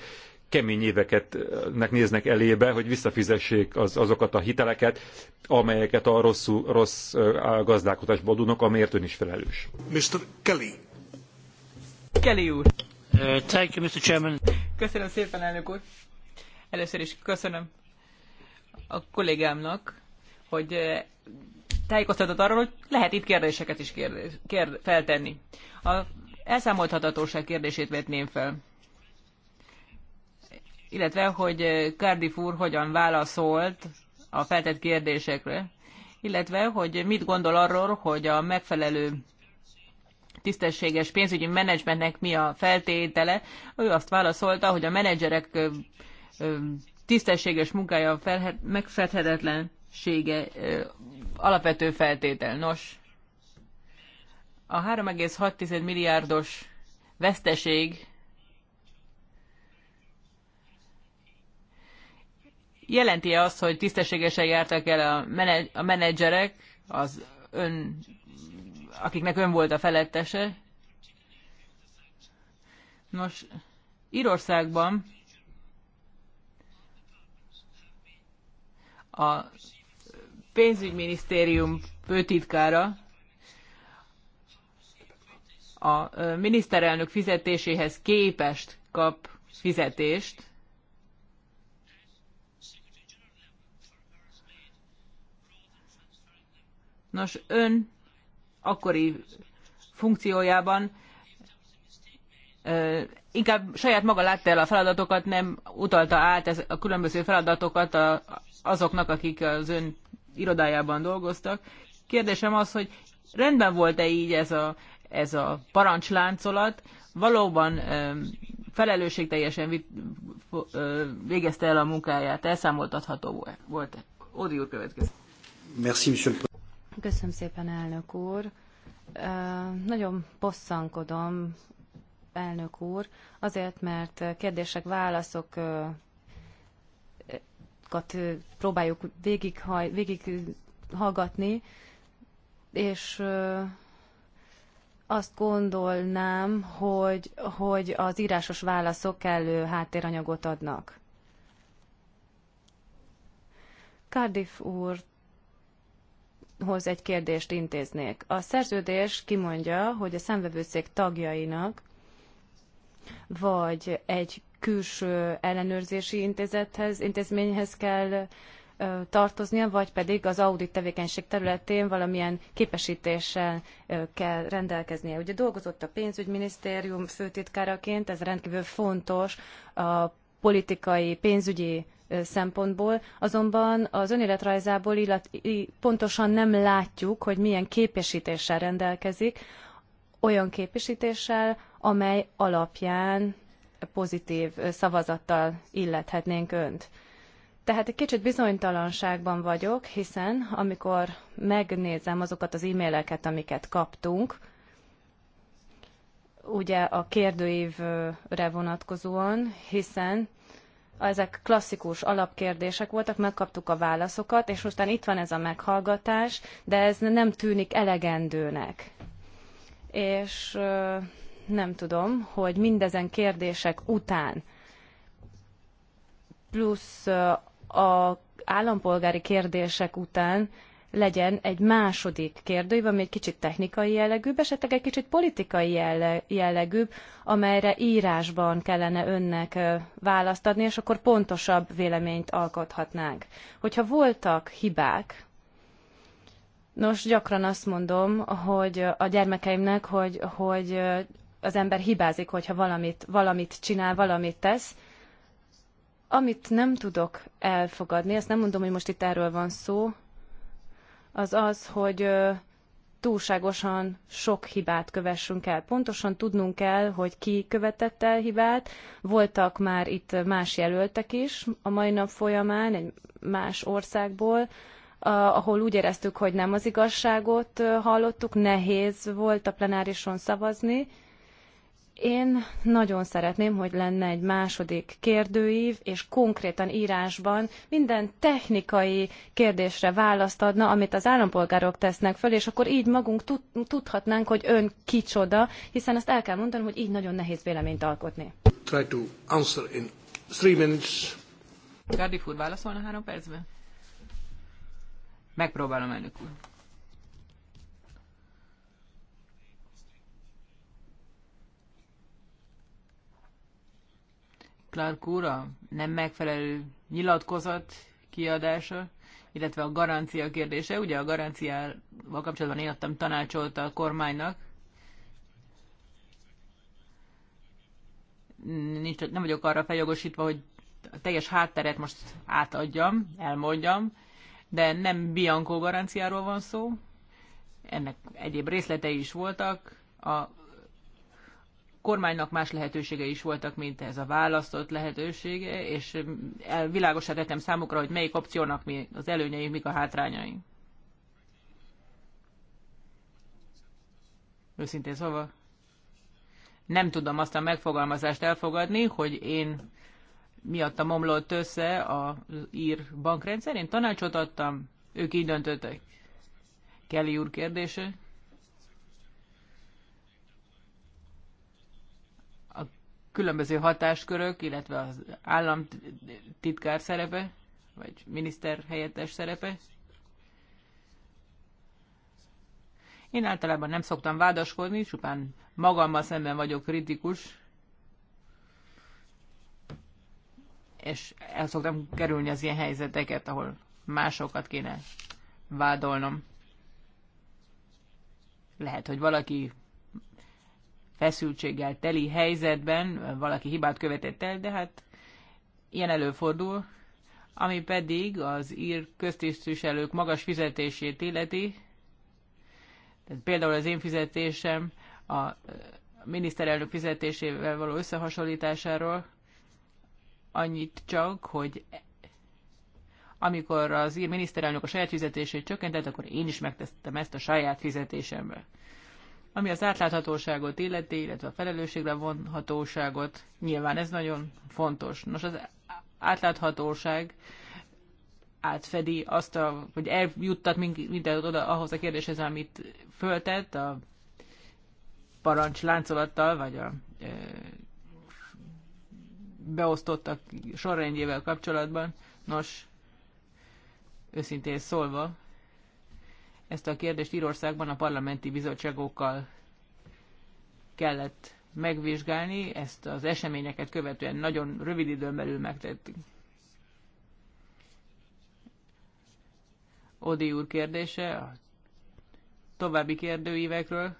kemény éveketnek néznek elébe, hogy visszafizessék az, azokat a hiteleket, amelyeket a rossz, rossz gazdálkodásba adónak, amiért ön is felelős. Mr. Kelly. Kelly úr. Uh, thank you, Mr. Chairman. Köszönöm szépen, elnök úr. Először is köszönöm a kollégámnak, hogy tájékoztatott arról, hogy lehet itt kérdéseket is kérdés, kérd, feltenni. A elszámolthatatóság kérdését vetném fel. Illetve, hogy Cardiff úr hogyan válaszolt a feltett kérdésekre, illetve, hogy mit gondol arról, hogy a megfelelő tisztességes pénzügyi menedzsmentnek mi a feltétele. Ő azt válaszolta, hogy a menedzserek tisztességes munkája megfedhetetlen szüksége, alapvető feltétel. Nos, a 3,6 milliárdos veszteség jelenti -e azt, hogy tisztességesen jártak el a, menedz, a menedzserek, az ön, akiknek ön volt a felettese? Nos, Írországban a pénzügyminisztérium főtitkára a miniszterelnök fizetéséhez képest kap fizetést, Nos, ön akkori funkciójában inkább saját maga látta el a feladatokat, nem utalta át ez, a különböző feladatokat a, azoknak, akik az ön irodájában dolgoztak. Kérdésem az, hogy rendben volt-e így ez a, ez a parancsláncolat, valóban felelősségteljesen végezte el a munkáját, elszámoltatható volt. Ódi úr következik. Merci, Köszönöm szépen, elnök úr. Nagyon bosszankodom, elnök úr, azért, mert kérdések, válaszok dalokat próbáljuk végig, végig hallgatni, és azt gondolnám, hogy, hogy az írásos válaszok kellő háttéranyagot adnak. Cardiff úr hoz egy kérdést intéznék. A szerződés kimondja, hogy a szemvevőszék tagjainak vagy egy külső ellenőrzési intézethez, intézményhez kell tartoznia, vagy pedig az audit tevékenység területén valamilyen képesítéssel kell rendelkeznie. Ugye dolgozott a pénzügyminisztérium főtitkáraként, ez rendkívül fontos a politikai, pénzügyi szempontból, azonban az önéletrajzából illat, pontosan nem látjuk, hogy milyen képesítéssel rendelkezik, olyan képesítéssel, amely alapján pozitív szavazattal illethetnénk önt. Tehát egy kicsit bizonytalanságban vagyok, hiszen amikor megnézem azokat az e-maileket, amiket kaptunk, ugye a kérdőívre vonatkozóan, hiszen ezek klasszikus alapkérdések voltak, megkaptuk a válaszokat, és aztán itt van ez a meghallgatás, de ez nem tűnik elegendőnek. És nem tudom, hogy mindezen kérdések után plusz a állampolgári kérdések után legyen egy második kérdőív, ami egy kicsit technikai jellegűbb, esetleg egy kicsit politikai jellegűbb, amelyre írásban kellene önnek választ adni, és akkor pontosabb véleményt alkothatnánk. Hogyha voltak hibák, Nos, gyakran azt mondom, hogy a gyermekeimnek, hogy, hogy az ember hibázik, hogyha valamit, valamit csinál, valamit tesz. Amit nem tudok elfogadni, ezt nem mondom, hogy most itt erről van szó, az az, hogy túlságosan sok hibát kövessünk el. Pontosan tudnunk kell, hogy ki követett el hibát. Voltak már itt más jelöltek is a mai nap folyamán, egy más országból, ahol úgy éreztük, hogy nem az igazságot hallottuk, nehéz volt a plenárison szavazni, én nagyon szeretném, hogy lenne egy második kérdőív, és konkrétan írásban minden technikai kérdésre választ adna, amit az állampolgárok tesznek föl, és akkor így magunk tud, tudhatnánk, hogy ön kicsoda, hiszen ezt el kell mondanom, hogy így nagyon nehéz véleményt alkotni. Try to answer in three minutes. Cardiff úr válaszolna három percben? Megpróbálom, elnök úr. Clark úr a nem megfelelő nyilatkozat kiadása, illetve a garancia kérdése. Ugye a garanciával kapcsolatban én adtam tanácsolt a kormánynak. Nincs, nem vagyok arra feljogosítva, hogy a teljes hátteret most átadjam, elmondjam, de nem Bianco garanciáról van szó, ennek egyéb részletei is voltak, a kormánynak más lehetősége is voltak, mint ez a választott lehetősége, és mm, világosan tettem számukra, hogy melyik opciónak mi az előnyei, mik a hátrányai. Őszintén szóval nem tudom azt a megfogalmazást elfogadni, hogy én miattam omlott össze az ír bankrendszer. Én tanácsot adtam, ők így döntöttek. Kelly úr kérdése. különböző hatáskörök, illetve az államtitkár szerepe, vagy miniszter helyettes szerepe. Én általában nem szoktam vádaskodni, csupán magammal szemben vagyok kritikus, és el szoktam kerülni az ilyen helyzeteket, ahol másokat kéne vádolnom. Lehet, hogy valaki feszültséggel teli helyzetben valaki hibát követett el, de hát ilyen előfordul, ami pedig az ír köztisztviselők magas fizetését illeti. Tehát például az én fizetésem a miniszterelnök fizetésével való összehasonlításáról annyit csak, hogy amikor az ír miniszterelnök a saját fizetését csökkentett, akkor én is megtettem ezt a saját fizetésembe. Ami az átláthatóságot illeti, illetve a felelősségre vonhatóságot, nyilván ez nagyon fontos. Nos, az átláthatóság átfedi azt a, vagy eljuttat mindent oda ahhoz a kérdéshez, amit föltett a parancs láncolattal, vagy a e, beosztottak sorrendjével kapcsolatban. Nos, őszintén szólva, ezt a kérdést Írországban a parlamenti bizottságokkal kellett megvizsgálni, ezt az eseményeket követően nagyon rövid időn belül megtettük. Odi úr kérdése a további kérdőívekről.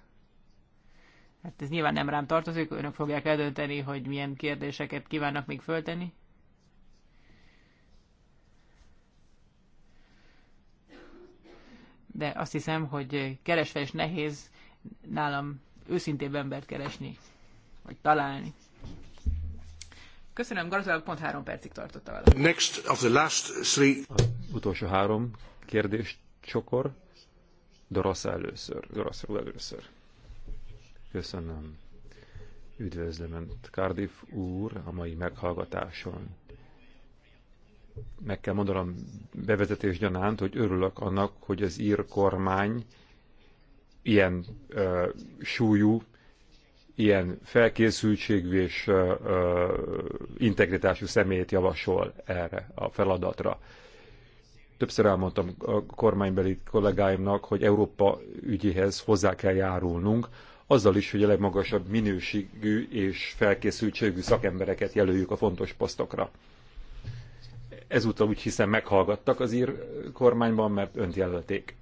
Hát ez nyilván nem rám tartozik, önök fogják eldönteni, hogy milyen kérdéseket kívánnak még föltenni. de azt hiszem, hogy keresve és nehéz nálam őszintébb embert keresni, vagy találni. Köszönöm, gazdalag pont három percig tartott a válasz. Next of the last three. Az utolsó három kérdés csokor. Dorosz először. Dorosz először. Köszönöm. Üdvözlöm, Cardiff úr, a mai meghallgatáson meg kell mondanom bevezetés gyanánt, hogy örülök annak, hogy az ír kormány ilyen ö, súlyú, ilyen felkészültségű és ö, ö, integritású személyt javasol erre a feladatra. Többször elmondtam a kormánybeli kollégáimnak, hogy Európa ügyéhez hozzá kell járulnunk, azzal is, hogy a legmagasabb minőségű és felkészültségű szakembereket jelöljük a fontos posztokra ezúttal úgy hiszem meghallgattak az ír kormányban, mert önt jelölték.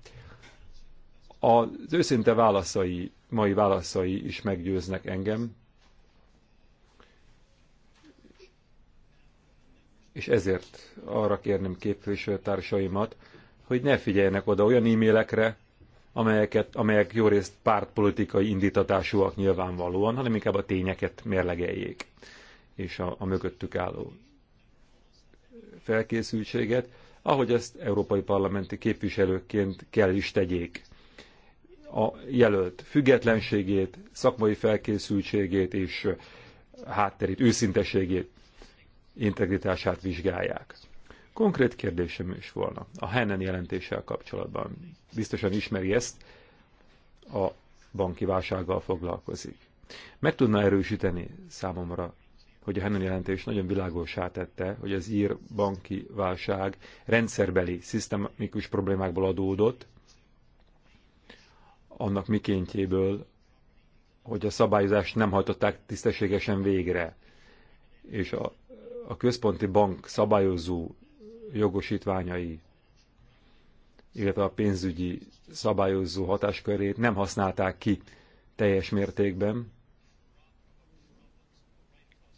Az őszinte válaszai, mai válaszai is meggyőznek engem, és ezért arra kérném képviselőtársaimat, hogy ne figyeljenek oda olyan e-mailekre, amelyeket, amelyek jó részt pártpolitikai indítatásúak nyilvánvalóan, hanem inkább a tényeket mérlegeljék, és a, a mögöttük álló felkészültséget, ahogy ezt európai parlamenti képviselőként kell is tegyék. A jelölt függetlenségét, szakmai felkészültségét és hátterét, őszinteségét, integritását vizsgálják. Konkrét kérdésem is volna a Hennen jelentéssel kapcsolatban. Biztosan ismeri ezt, a banki válsággal foglalkozik. Meg tudna erősíteni számomra hogy a Hennon jelentés nagyon világosá tette, hogy az ír banki válság rendszerbeli, szisztemikus problémákból adódott, annak mikéntjéből, hogy a szabályozást nem hajtották tisztességesen végre, és a, a központi bank szabályozó jogosítványai, illetve a pénzügyi szabályozó hatáskörét nem használták ki teljes mértékben,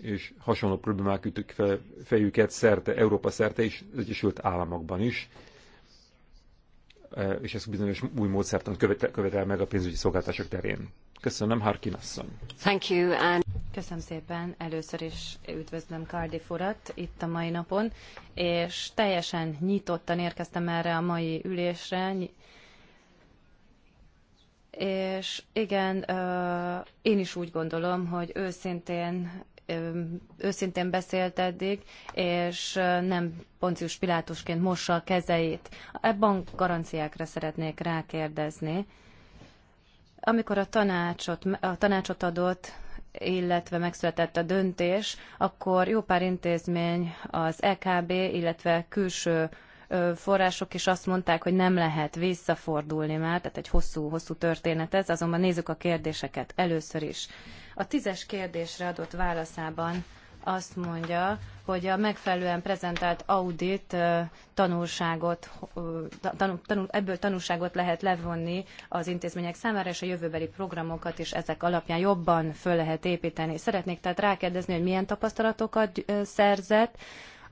és hasonló problémák ütik fel fejüket szerte, Európa szerte és az Egyesült Államokban is, eh, és ezt bizonyos új módszertan követel, követel meg a pénzügyi szolgáltások terén. Köszönöm, Harkin asszony. Thank you, and... Köszönöm szépen. Először is üdvözlöm Cardiff urat itt a mai napon, és teljesen nyitottan érkeztem erre a mai ülésre, és igen, én is úgy gondolom, hogy őszintén őszintén beszélt eddig, és nem Poncius Pilátusként mossa a kezeit. Ebben garanciákra szeretnék rákérdezni. Amikor a tanácsot, a tanácsot adott, illetve megszületett a döntés, akkor jó pár intézmény, az EKB, illetve külső források is azt mondták, hogy nem lehet visszafordulni már, tehát egy hosszú-hosszú történet ez, azonban nézzük a kérdéseket először is. A tízes kérdésre adott válaszában azt mondja, hogy a megfelelően prezentált audit tanulságot, tanul, tanul, ebből tanulságot lehet levonni az intézmények számára, és a jövőbeli programokat is ezek alapján jobban föl lehet építeni. Szeretnék tehát rákérdezni, hogy milyen tapasztalatokat szerzett,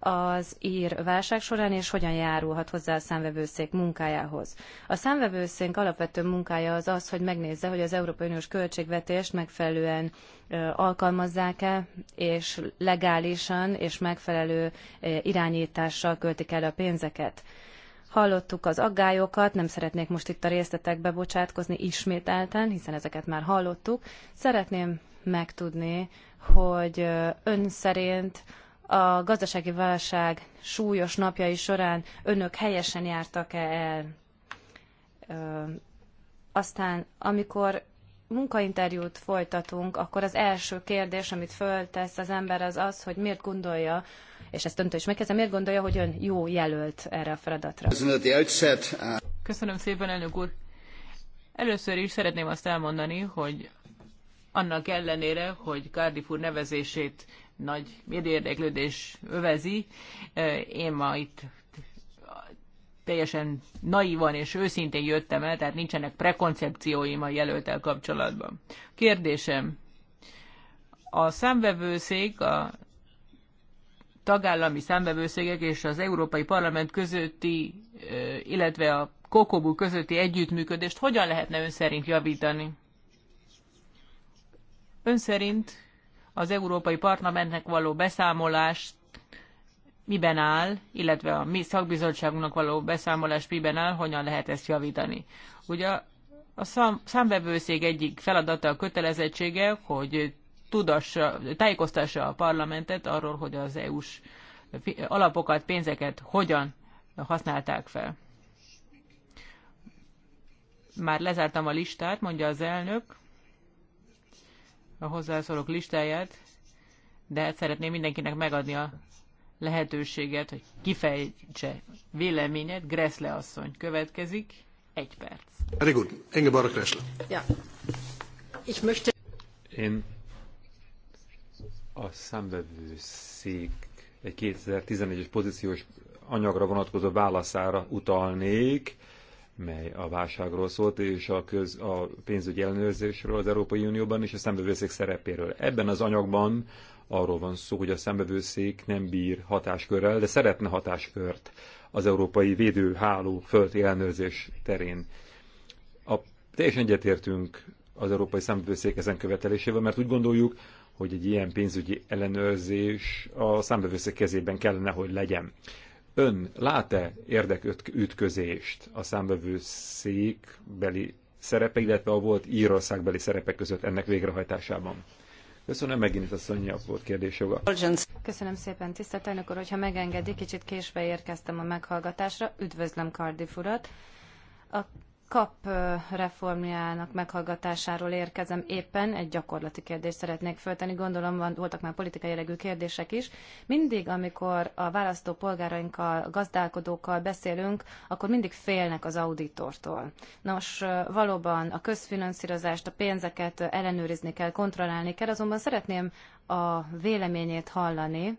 az ír válság során, és hogyan járulhat hozzá a számvevőszék munkájához. A számvevőszék alapvető munkája az az, hogy megnézze, hogy az Európai Uniós költségvetést megfelelően alkalmazzák-e, és legálisan és megfelelő irányítással költik el a pénzeket. Hallottuk az aggályokat, nem szeretnék most itt a részletekbe bocsátkozni ismételten, hiszen ezeket már hallottuk. Szeretném megtudni, hogy ön szerint a gazdasági válság súlyos napjai során önök helyesen jártak -e el? Ö, aztán, amikor munkainterjút folytatunk, akkor az első kérdés, amit föltesz az ember, az az, hogy miért gondolja, és ezt öntől is megkezdem, miért gondolja, hogy ön jó jelölt erre a feladatra? Köszönöm szépen, elnök úr. Először is szeretném azt elmondani, hogy annak ellenére, hogy Cardiff úr nevezését nagy érdeklődés övezi. Én ma itt teljesen naivan és őszintén jöttem el, tehát nincsenek prekoncepcióim a jelöltel kapcsolatban. Kérdésem, a számvevőszék, a tagállami számvevőszégek és az Európai Parlament közötti, illetve a Kokobu közötti együttműködést hogyan lehetne ön szerint javítani? Ön szerint az Európai Parlamentnek való beszámolás miben áll, illetve a mi szakbizottságunknak való beszámolás miben áll, hogyan lehet ezt javítani. Ugye a szám, számvevőszék egyik feladata, a kötelezettsége, hogy tudassa, tájékoztassa a parlamentet arról, hogy az EU-s alapokat, pénzeket hogyan használták fel. Már lezártam a listát, mondja az elnök a hozzászólók listáját, de szeretném mindenkinek megadni a lehetőséget, hogy kifejtse véleményet. Gressle asszony következik. Egy perc. Very Enge Ingeborg Gressle. Ja. Ich möchte... Én a számvevőszék egy 2011-es pozíciós anyagra vonatkozó válaszára utalnék, mely a válságról szólt, és a, köz, a pénzügyi ellenőrzésről az Európai Unióban, és a szembevőszék szerepéről. Ebben az anyagban arról van szó, hogy a szembevőszék nem bír hatáskörrel, de szeretne hatáskört az európai védőháló földi ellenőrzés terén. A, teljesen egyetértünk az Európai Szembevőszék ezen követelésével, mert úgy gondoljuk, hogy egy ilyen pénzügyi ellenőrzés a számbevőszék kezében kellene, hogy legyen. Ön lát-e érdekütközést a számbevő beli szerepe, illetve a volt írországbeli beli szerepe között ennek végrehajtásában? Köszönöm, megint a Szonya volt kérdésjoga. Köszönöm szépen, tisztelt elnök úr, hogyha megengedik, kicsit késve érkeztem a meghallgatásra. Üdvözlöm Cardiff urat. A kap reformjának meghallgatásáról érkezem éppen, egy gyakorlati kérdést szeretnék föltenni, gondolom van, voltak már politikai jellegű kérdések is. Mindig, amikor a választó polgárainkkal, gazdálkodókkal beszélünk, akkor mindig félnek az auditortól. Nos, valóban a közfinanszírozást, a pénzeket ellenőrizni kell, kontrollálni kell, azonban szeretném a véleményét hallani,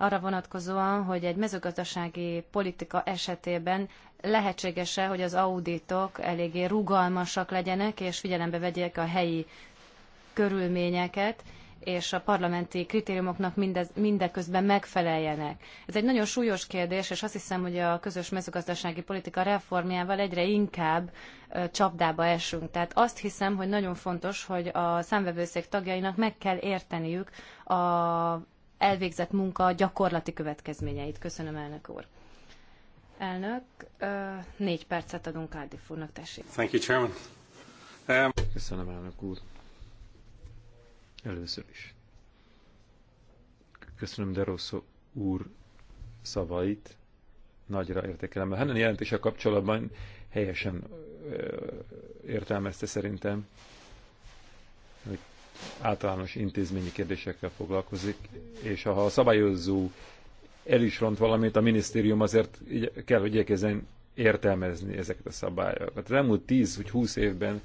arra vonatkozóan, hogy egy mezőgazdasági politika esetében lehetséges-e, hogy az auditok eléggé rugalmasak legyenek, és figyelembe vegyék a helyi körülményeket, és a parlamenti kritériumoknak mindez, mindeközben megfeleljenek. Ez egy nagyon súlyos kérdés, és azt hiszem, hogy a közös mezőgazdasági politika reformjával egyre inkább ö, csapdába esünk. Tehát azt hiszem, hogy nagyon fontos, hogy a számvevőszék tagjainak meg kell érteniük a elvégzett munka gyakorlati következményeit. Köszönöm, elnök úr. Elnök, négy percet adunk Cardiff úrnak, tessék. Thank you, Chairman. Um... Köszönöm, elnök úr. Először is. Köszönöm Derosso úr szavait. Nagyra értékelem. A Hennen jelentése kapcsolatban helyesen értelmezte szerintem, hogy általános intézményi kérdésekkel foglalkozik, és ha a szabályozó el is ront valamit, a minisztérium azért kell, hogy igyekezzen értelmezni ezeket a szabályokat. Hát az elmúlt 10-20 évben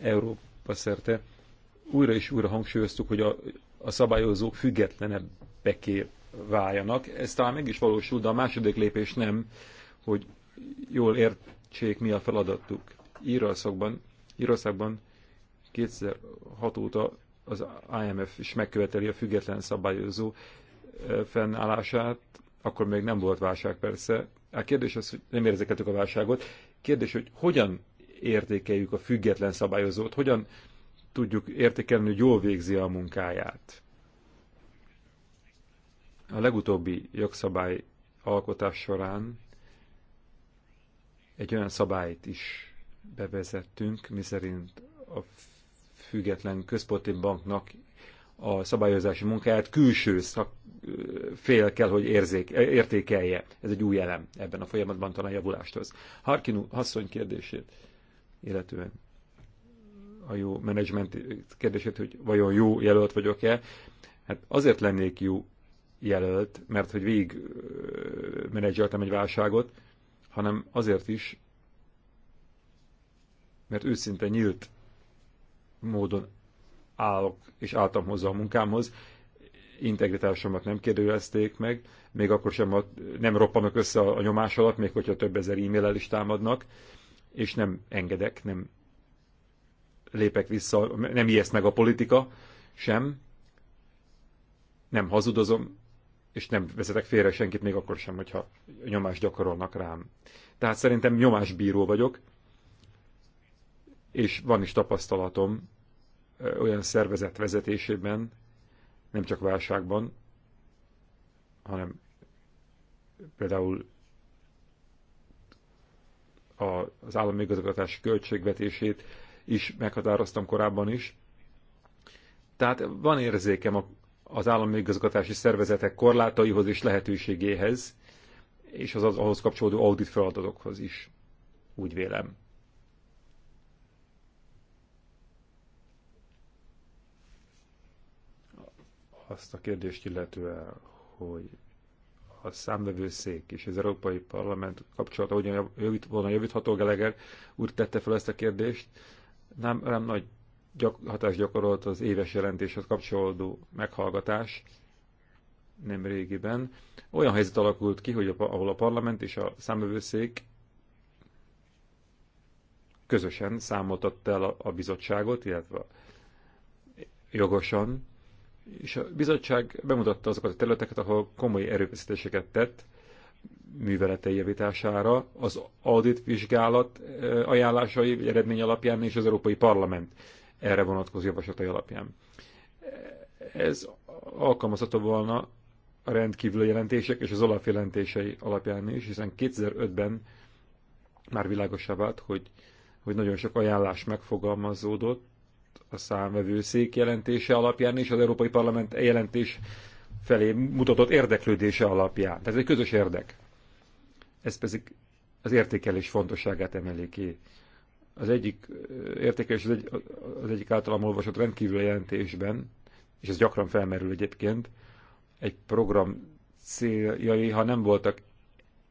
Európa szerte újra és újra hangsúlyoztuk, hogy a, a szabályozók függetlenebbeké váljanak. Ez talán meg is valósul, de a második lépés nem, hogy jól értsék mi a feladatuk. Írországban, Írországban 2006 óta az IMF is megköveteli a független szabályozó fennállását, akkor még nem volt válság persze. A kérdés az, hogy nem érzékeltük a válságot. Kérdés, hogy hogyan értékeljük a független szabályozót, hogyan tudjuk értékelni, hogy jól végzi a munkáját. A legutóbbi jogszabály alkotás során egy olyan szabályt is bevezettünk, miszerint a független központi banknak a szabályozási munkáját külső szak, fél kell, hogy érzék, értékelje. Ez egy új elem ebben a folyamatban talán javulásthoz. Harkinu, asszony kérdését, illetően a jó menedzsment kérdését, hogy vajon jó jelölt vagyok-e. Hát azért lennék jó jelölt, mert hogy végig menedzseltem egy válságot, hanem azért is, mert őszinte nyílt módon állok és álltam hozzá a munkámhoz, integritásomat nem kérdőjelezték meg, még akkor sem a, nem roppanok össze a nyomás alatt, még hogyha több ezer e-mail is támadnak, és nem engedek, nem lépek vissza, nem ijeszt meg a politika sem, nem hazudozom, és nem vezetek félre senkit, még akkor sem, hogyha nyomást gyakorolnak rám. Tehát szerintem nyomásbíró vagyok, és van is tapasztalatom olyan szervezet vezetésében, nem csak válságban, hanem például a, az állami igazgatási költségvetését is meghatároztam korábban is. Tehát van érzékem a, az állami igazgatási szervezetek korlátaihoz és lehetőségéhez, és az, az ahhoz kapcsolódó audit feladatokhoz is, úgy vélem. azt a kérdést illetően, hogy a számvevőszék és az Európai Parlament kapcsolata hogyan javít, volna javítható, Geleger úr tette fel ezt a kérdést, nem, nem nagy gyak, hatást gyakorolt az éves jelentéshez kapcsolódó meghallgatás nem régiben. Olyan helyzet alakult ki, hogy a, ahol a parlament és a számövőszék közösen számoltatta el a, a bizottságot, illetve jogosan és a bizottság bemutatta azokat a területeket, ahol komoly erőfeszítéseket tett műveletei javítására, az audit vizsgálat ajánlásai eredmény alapján és az Európai Parlament erre vonatkozó javaslatai alapján. Ez alkalmazható volna a rendkívüli jelentések és az olaf jelentései alapján is, hiszen 2005-ben már világosá vált, hogy, hogy nagyon sok ajánlás megfogalmazódott, a számvevőszék jelentése alapján és az Európai Parlament jelentés felé mutatott érdeklődése alapján. Tehát ez egy közös érdek. Ez pedig az értékelés fontosságát emeli ki. Az egyik értékelés az, egy, az egyik általam olvasott rendkívül jelentésben, és ez gyakran felmerül egyébként, egy program céljai, ha nem voltak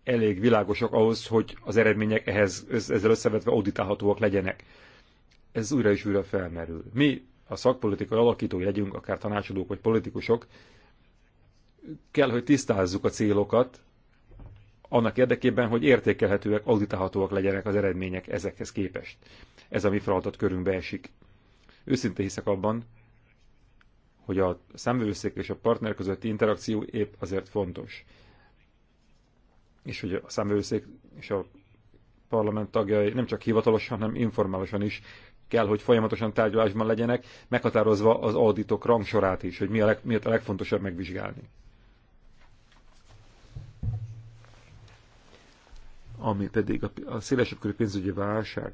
elég világosak ahhoz, hogy az eredmények ehhez ezzel összevetve auditálhatóak legyenek ez újra és újra felmerül. Mi, a szakpolitikai alakítói legyünk, akár tanácsadók vagy politikusok, kell, hogy tisztázzuk a célokat, annak érdekében, hogy értékelhetőek, auditálhatóak legyenek az eredmények ezekhez képest. Ez a mi feladat körünkbe esik. Őszintén hiszek abban, hogy a szemvőszék és a partner közötti interakció épp azért fontos. És hogy a szemvőszék és a parlament tagjai nem csak hivatalosan, hanem informálisan is kell, hogy folyamatosan tárgyalásban legyenek, meghatározva az auditok rangsorát is, hogy mi a, leg, mi a legfontosabb megvizsgálni. Ami pedig a, a szélesebb körű pénzügyi válság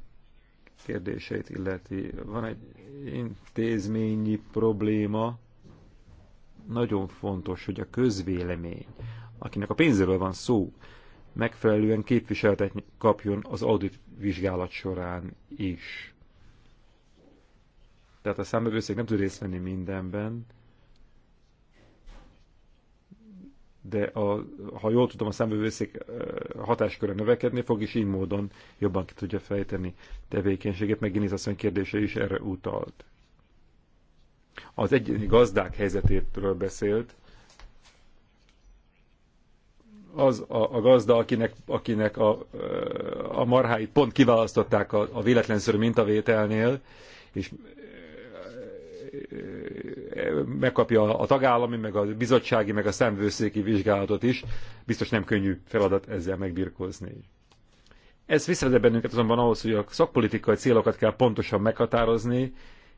kérdéseit illeti. Van egy intézményi probléma, nagyon fontos, hogy a közvélemény, akinek a pénzéről van szó, megfelelően képviseletet kapjon az audit vizsgálat során is tehát a számövőszék nem tud részt venni mindenben, de a, ha jól tudom, a számövőszék hatásköre növekedni fog, és így módon jobban ki tudja fejteni tevékenységét, meg Géniz asszony kérdése is erre utalt. Az egyéni gazdák helyzetétről beszélt, az a, a gazda, akinek, akinek a, a marháit pont kiválasztották a, a véletlenszerű mintavételnél, és megkapja a tagállami, meg a bizottsági, meg a szemvőszéki vizsgálatot is. Biztos nem könnyű feladat ezzel megbirkózni. Ez visszavezet bennünket azonban ahhoz, hogy a szakpolitikai célokat kell pontosan meghatározni,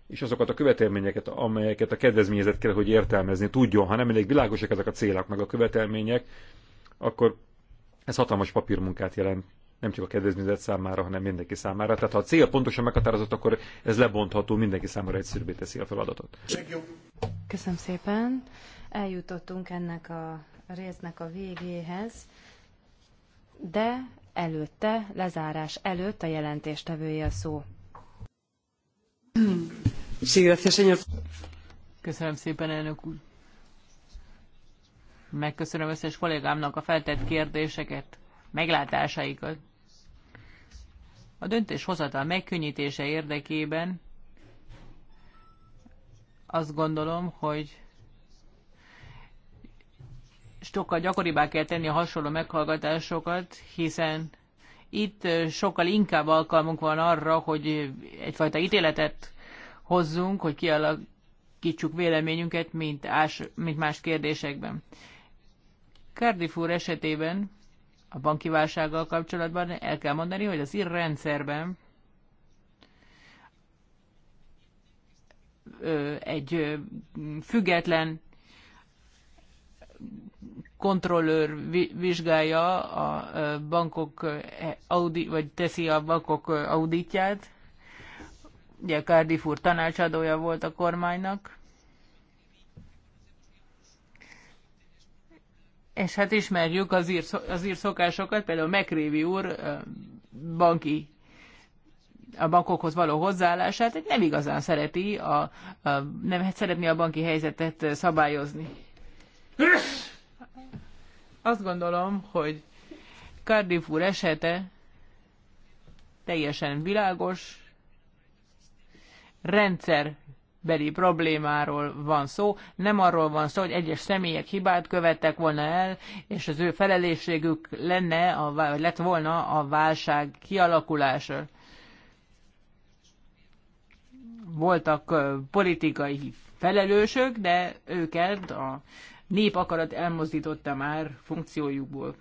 és azokat a követelményeket, amelyeket a kedvezményezett kell, hogy értelmezni tudjon. Ha nem elég világosak ezek a célok, meg a követelmények, akkor ez hatalmas papírmunkát jelent nem csak a kedvezményezett számára, hanem mindenki számára. Tehát ha a cél pontosan meghatározott, akkor ez lebontható, mindenki számára egyszerűbbé teszi a feladatot. Köszönöm szépen. Eljutottunk ennek a résznek a végéhez, de előtte, lezárás előtt a jelentéstevője a szó. Köszönöm szépen, elnök úr. Megköszönöm összes kollégámnak a feltett kérdéseket, meglátásaikat. A döntéshozatal megkönnyítése érdekében azt gondolom, hogy sokkal gyakoribbá kell tenni a hasonló meghallgatásokat, hiszen itt sokkal inkább alkalmunk van arra, hogy egyfajta ítéletet hozzunk, hogy kialakítsuk véleményünket, mint, ás, mint más kérdésekben. Cardiff úr esetében a banki válsággal kapcsolatban el kell mondani, hogy az ír rendszerben egy független kontrollőr vizsgálja a bankok audi, vagy teszi a bankok auditját. Ugye Cardiff úr tanácsadója volt a kormánynak. és hát ismerjük az ír, az ír szokásokat, például Mekrévi úr banki a bankokhoz való hozzáállását, egy nem igazán szereti, a, a, nem hát szeretni a banki helyzetet szabályozni. Azt gondolom, hogy Cardiff úr esete teljesen világos, rendszer beli problémáról van szó, nem arról van szó, hogy egyes személyek hibát követtek volna el, és az ő felelősségük lenne, a, vagy lett volna a válság kialakulása. Voltak politikai felelősök, de őket a nép akarat elmozdította már funkciójukból.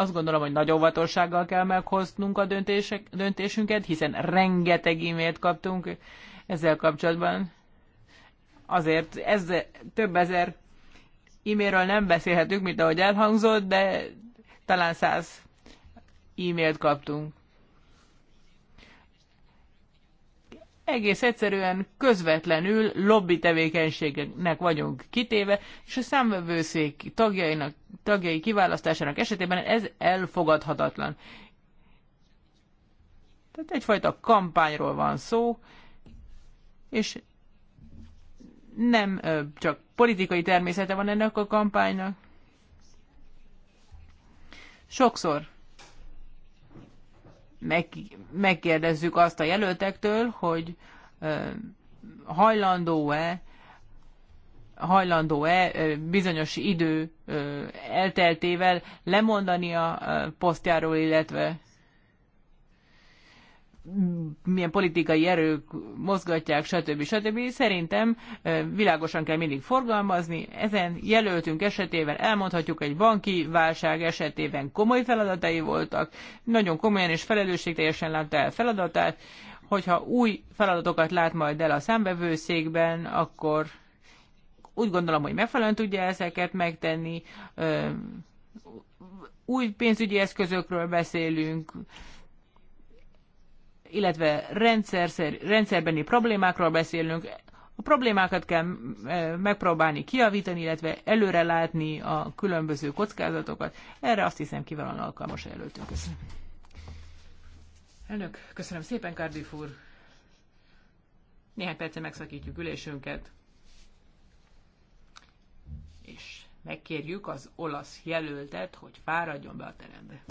Azt gondolom, hogy nagy óvatossággal kell meghoznunk a döntések, döntésünket, hiszen rengeteg e-mailt kaptunk ezzel kapcsolatban. Azért ez több ezer e-mailről nem beszélhetünk, mint ahogy elhangzott, de talán száz e-mailt kaptunk. egész egyszerűen közvetlenül lobby tevékenységnek vagyunk kitéve, és a számvevőszék tagjainak, tagjai kiválasztásának esetében ez elfogadhatatlan. Tehát egyfajta kampányról van szó, és nem csak politikai természete van ennek a kampánynak. Sokszor meg, megkérdezzük azt a jelöltektől, hogy hajlandó-e hajlandó-e bizonyos idő elteltével lemondani a posztjáról, illetve milyen politikai erők mozgatják, stb. stb. Szerintem világosan kell mindig forgalmazni. Ezen jelöltünk esetében elmondhatjuk, egy banki válság esetében komoly feladatai voltak, nagyon komolyan és felelősségteljesen látta el feladatát. Hogyha új feladatokat lát majd el a számbevőszékben, akkor úgy gondolom, hogy megfelelően tudja ezeket megtenni. Új pénzügyi eszközökről beszélünk, illetve rendszerbeni problémákról beszélünk. A problémákat kell e, megpróbálni kiavítani, illetve előrelátni a különböző kockázatokat. Erre azt hiszem kiválóan alkalmas előttünk. Köszönöm. Elnök, köszönöm szépen, Cardiff úr. Néhány percre megszakítjuk ülésünket, és megkérjük az olasz jelöltet, hogy fáradjon be a terembe.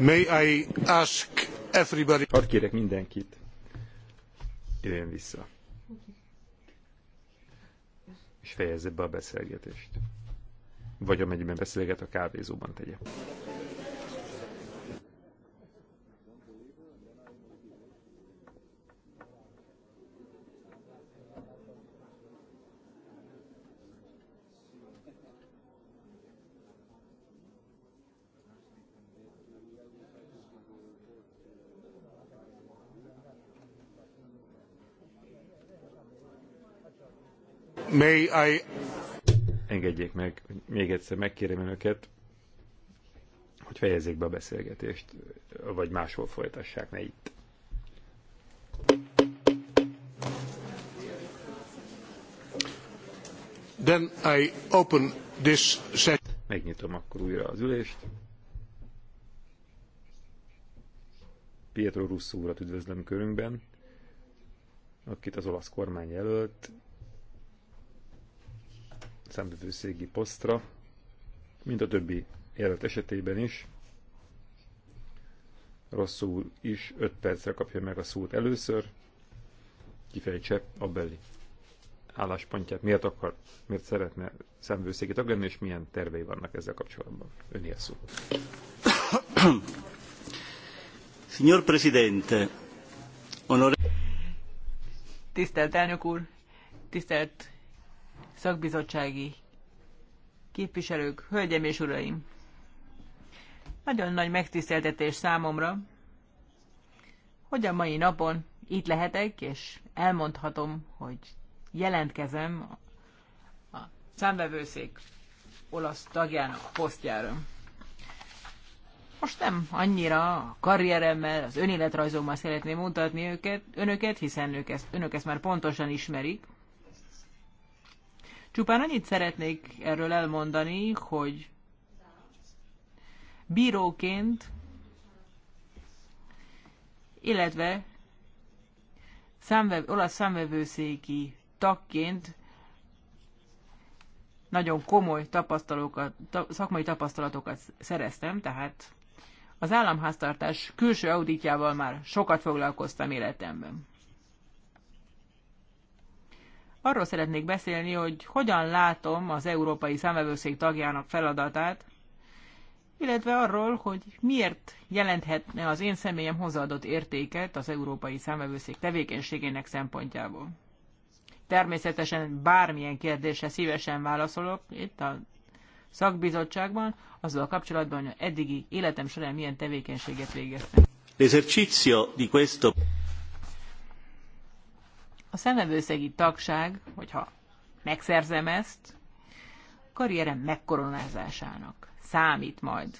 May I ask everybody... Hadd kérek mindenkit. Jöjjön vissza. És fejezze be a beszélgetést. Vagy amennyiben beszélget a kávézóban tegye. May I... Engedjék meg, még egyszer megkérem önöket, hogy fejezzék be a beszélgetést, vagy máshol folytassák, ne itt. Then I open this session. Megnyitom akkor újra az ülést. Pietro Russo urat üdvözlöm körünkben, akit az olasz kormány jelölt, számítőszégi posztra, mint a többi élet esetében is. Rosszul is 5 percre kapja meg a szót először, kifejtse a beli álláspontját, miért akar, miért szeretne számítőszégi tag lenni, és milyen tervei vannak ezzel kapcsolatban. Ön a szó. Signor Presidente, Tisztelt elnök úr, tisztelt szakbizottsági képviselők, hölgyem és uraim! Nagyon nagy megtiszteltetés számomra, hogy a mai napon itt lehetek, és elmondhatom, hogy jelentkezem a számvevőszék olasz tagjának posztjára. Most nem annyira a karrieremmel, az önéletrajzommal szeretném mutatni őket, önöket, hiszen ők ezt, önök ezt már pontosan ismerik. Csupán annyit szeretnék erről elmondani, hogy bíróként, illetve számvev, olasz számvevőszéki tagként nagyon komoly ta, szakmai tapasztalatokat szereztem, tehát az államháztartás külső auditjával már sokat foglalkoztam életemben. Arról szeretnék beszélni, hogy hogyan látom az Európai Számvevőszék tagjának feladatát, illetve arról, hogy miért jelenthetne az én személyem hozzáadott értéket az Európai Számvevőszék tevékenységének szempontjából. Természetesen bármilyen kérdésre szívesen válaszolok itt a szakbizottságban, azzal a kapcsolatban, hogy eddigi életem során milyen tevékenységet végeztem. L'esercizio di questo a szemvevőszegi tagság, hogyha megszerzem ezt, karrierem megkoronázásának számít majd.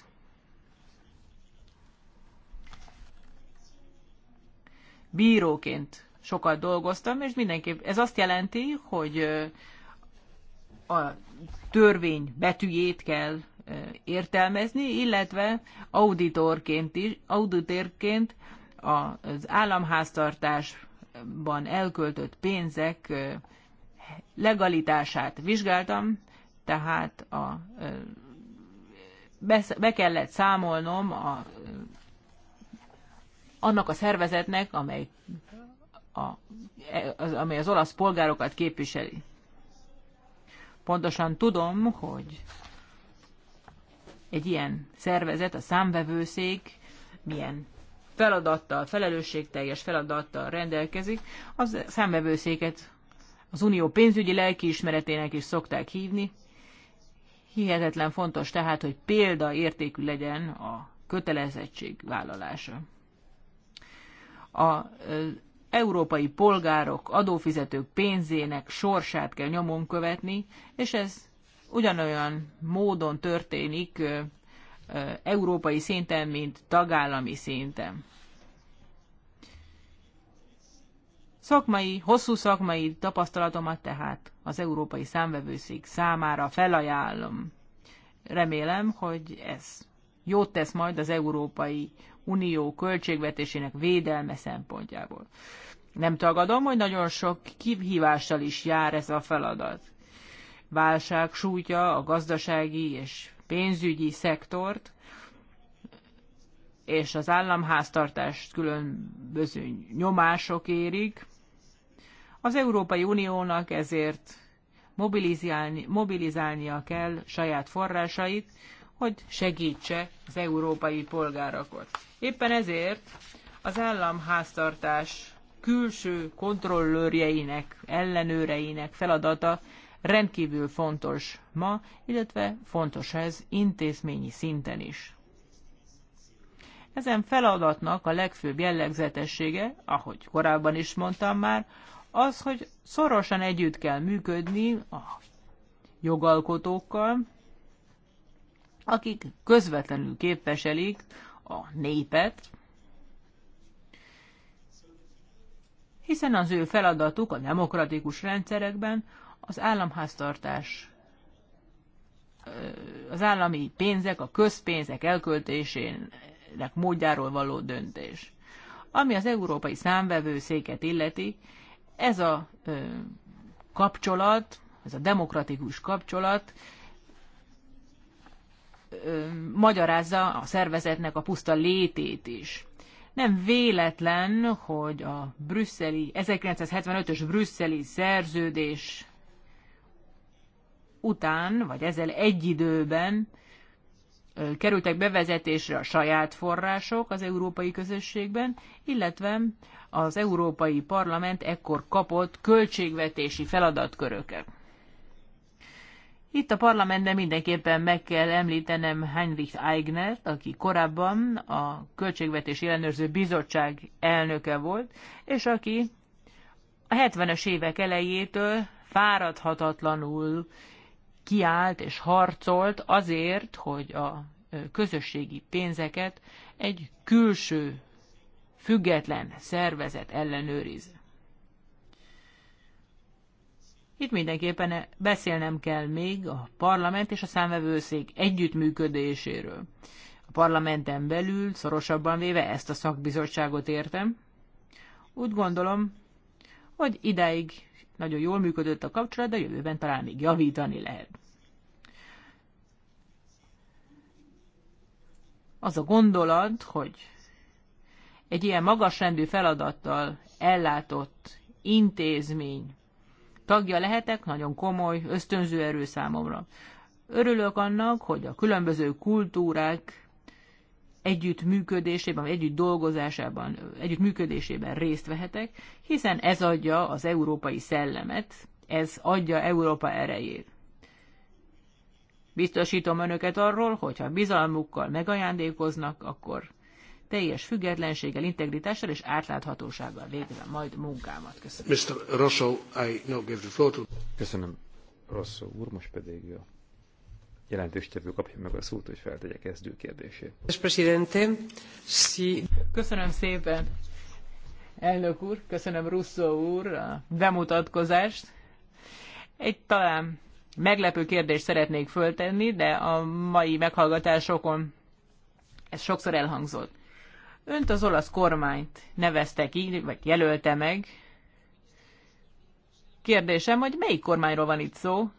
Bíróként sokat dolgoztam, és mindenképp ez azt jelenti, hogy a törvény betűjét kell értelmezni, illetve auditorként is, auditorként az államháztartás ban elköltött pénzek legalitását vizsgáltam, tehát a, be kellett számolnom a, annak a szervezetnek, amely, a, az, amely az olasz polgárokat képviseli. Pontosan tudom, hogy egy ilyen szervezet, a számvevőszék milyen feladattal, felelősségteljes feladattal rendelkezik, az számbevőszéket az unió pénzügyi lelkiismeretének is szokták hívni. Hihetetlen fontos tehát, hogy példaértékű legyen a kötelezettség vállalása. A európai polgárok, adófizetők pénzének sorsát kell nyomon követni, és ez ugyanolyan módon történik európai szinten, mint tagállami szinten. Szakmai, hosszú szakmai tapasztalatomat tehát az európai számvevőszék számára felajánlom. Remélem, hogy ez jót tesz majd az Európai Unió költségvetésének védelme szempontjából. Nem tagadom, hogy nagyon sok kihívással is jár ez a feladat. Válság sújtja a gazdasági és pénzügyi szektort és az államháztartást különböző nyomások érik. Az Európai Uniónak ezért mobilizálni, mobilizálnia kell saját forrásait, hogy segítse az európai polgárokat. Éppen ezért az államháztartás külső kontrollőrjeinek, ellenőreinek feladata rendkívül fontos ma, illetve fontos ez intézményi szinten is. Ezen feladatnak a legfőbb jellegzetessége, ahogy korábban is mondtam már, az, hogy szorosan együtt kell működni a jogalkotókkal, akik közvetlenül képviselik a népet, hiszen az ő feladatuk a demokratikus rendszerekben az államháztartás, az állami pénzek, a közpénzek elköltésének módjáról való döntés. Ami az európai számvevőszéket illeti, ez a kapcsolat, ez a demokratikus kapcsolat magyarázza a szervezetnek a puszta létét is. Nem véletlen, hogy a brüsszeli, 1975-ös brüsszeli szerződés után, vagy ezzel egy időben kerültek bevezetésre a saját források az európai közösségben, illetve az Európai Parlament ekkor kapott költségvetési feladatköröket. Itt a parlamentben mindenképpen meg kell említenem Heinrich Eignert, aki korábban a költségvetési Ellenőrző Bizottság elnöke volt, és aki a 70-es évek elejétől fáradhatatlanul kiállt és harcolt azért, hogy a közösségi pénzeket egy külső, független szervezet ellenőriz. Itt mindenképpen beszélnem kell még a parlament és a számvevőszék együttműködéséről. A parlamenten belül, szorosabban véve ezt a szakbizottságot értem. Úgy gondolom, hogy ideig. Nagyon jól működött a kapcsolat, de jövőben talán még javítani lehet. Az a gondolat, hogy egy ilyen magasrendű feladattal ellátott intézmény tagja lehetek, nagyon komoly, ösztönző erő számomra. Örülök annak, hogy a különböző kultúrák együttműködésében, együtt dolgozásában, együttműködésében részt vehetek, hiszen ez adja az európai szellemet, ez adja Európa erejét. Biztosítom önöket arról, hogyha bizalmukkal megajándékoznak, akkor teljes függetlenséggel, integritással és átláthatósággal végzem majd munkámat. Köszönöm. Mr. Rosso, I now give the floor to... Köszönöm, Rosso úr, most pedig jó. Jelentőstevő kapja meg a szót, hogy feltegye kezdő kérdését. Köszönöm szépen, elnök úr, köszönöm Russo úr a bemutatkozást. Egy talán meglepő kérdést szeretnék föltenni, de a mai meghallgatásokon ez sokszor elhangzott. Önt az olasz kormányt nevezte ki, vagy jelölte meg. Kérdésem, hogy melyik kormányról van itt szó,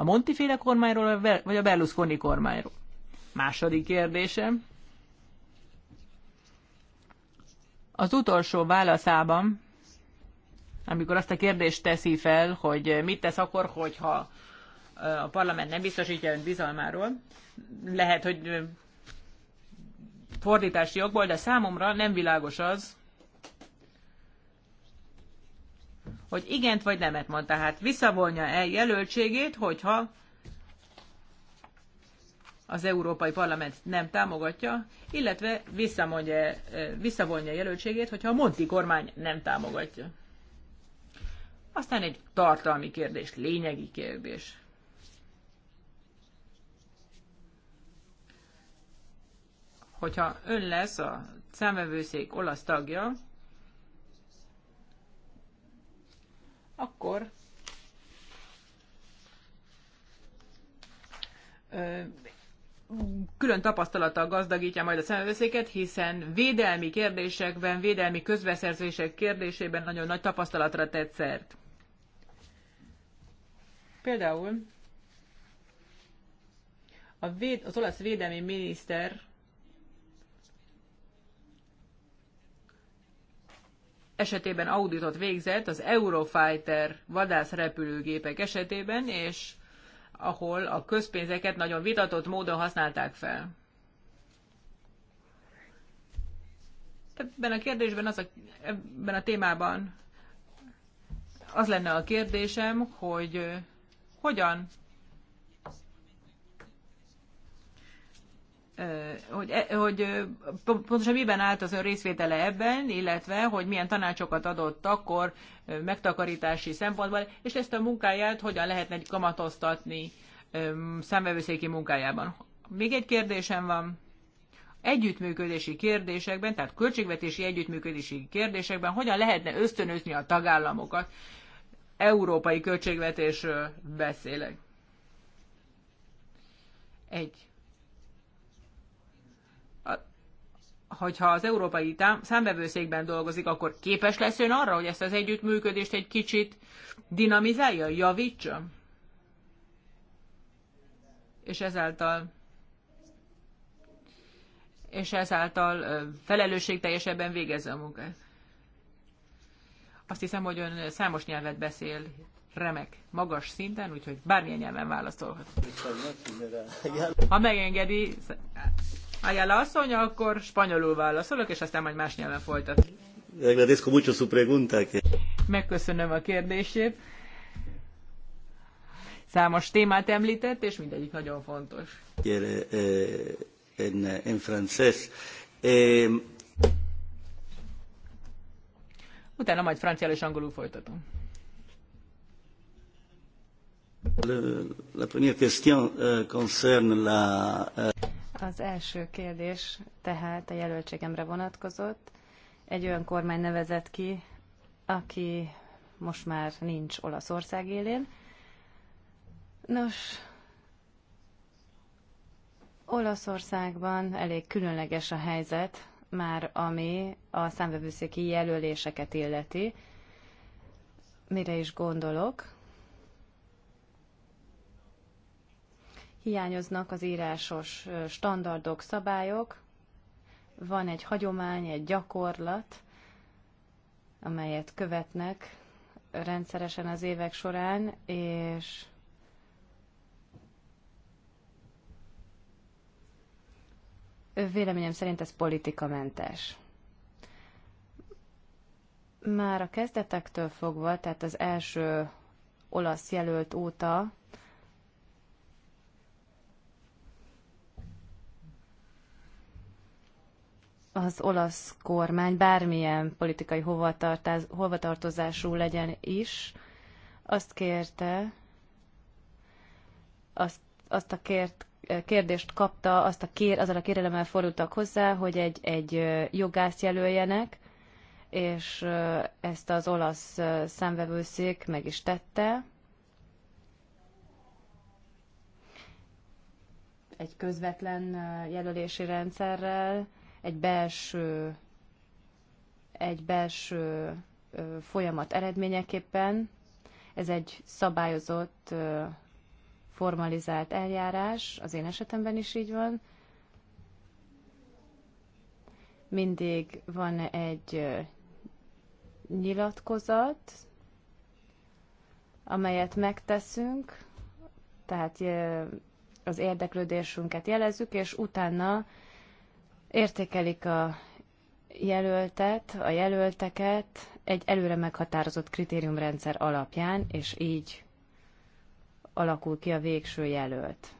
a Monti féle kormányról, vagy a Berlusconi kormányról? Második kérdésem. Az utolsó válaszában, amikor azt a kérdést teszi fel, hogy mit tesz akkor, hogyha a parlament nem biztosítja önt bizalmáról, lehet, hogy fordítási jogból, de számomra nem világos az, hogy igent vagy nemet mond. Tehát visszavonja el jelöltségét, hogyha az Európai Parlament nem támogatja, illetve visszamondja, e, visszavonja jelöltségét, hogyha a Monti kormány nem támogatja. Aztán egy tartalmi kérdés, lényegi kérdés. Hogyha ön lesz a számvevőszék olasz tagja, akkor külön tapasztalattal gazdagítja majd a szemveszéket, hiszen védelmi kérdésekben, védelmi közbeszerzések kérdésében nagyon nagy tapasztalatra tett szert. Például a véd, az olasz védelmi miniszter esetében auditot végzett az Eurofighter vadászrepülőgépek esetében, és ahol a közpénzeket nagyon vitatott módon használták fel. Ebben a kérdésben, az a, ebben a témában az lenne a kérdésem, hogy hogyan hogy, e, hogy pontosan miben állt az ön részvétele ebben, illetve hogy milyen tanácsokat adott akkor megtakarítási szempontból, és ezt a munkáját hogyan lehetne kamatoztatni szemvevőszéki munkájában. Még egy kérdésem van. Együttműködési kérdésekben, tehát költségvetési együttműködési kérdésekben hogyan lehetne ösztönözni a tagállamokat? Európai költségvetésről beszélek. Egy hogyha az európai számbevőszékben dolgozik, akkor képes lesz ön arra, hogy ezt az együttműködést egy kicsit dinamizálja, javítsa? És ezáltal és ezáltal felelősségteljesebben végezze a munkát. Azt hiszem, hogy ön számos nyelvet beszél, remek, magas szinten, úgyhogy bármilyen nyelven válaszolhat. Ha megengedi, Ayala asszony, akkor spanyolul válaszolok, és aztán majd más nyelven folytat. Agradezco mucho su pregunta. Megköszönöm a kérdését. Számos témát említett, és mindegyik nagyon fontos. Eh, en, en francés. Utána majd franciául és angolul folytatom. La première question eh, concerne la... Eh, az első kérdés tehát a jelöltségemre vonatkozott. Egy olyan kormány nevezett ki, aki most már nincs Olaszország élén. Nos, Olaszországban elég különleges a helyzet, már ami a számvevőszéki jelöléseket illeti. Mire is gondolok? hiányoznak az írásos standardok, szabályok, van egy hagyomány, egy gyakorlat, amelyet követnek rendszeresen az évek során, és véleményem szerint ez politikamentes. Már a kezdetektől fogva, tehát az első olasz jelölt óta az olasz kormány bármilyen politikai hovatartozású legyen is, azt kérte, azt, azt a kért, kérdést kapta, azt a kér, azzal a kérelemmel fordultak hozzá, hogy egy, egy jogászt jelöljenek, és ezt az olasz számvevőszék meg is tette. Egy közvetlen jelölési rendszerrel, egy belső, egy belső folyamat eredményeképpen. Ez egy szabályozott, formalizált eljárás, az én esetemben is így van. Mindig van egy nyilatkozat, amelyet megteszünk, tehát az érdeklődésünket jelezzük, és utána Értékelik a jelöltet, a jelölteket egy előre meghatározott kritériumrendszer alapján, és így alakul ki a végső jelölt.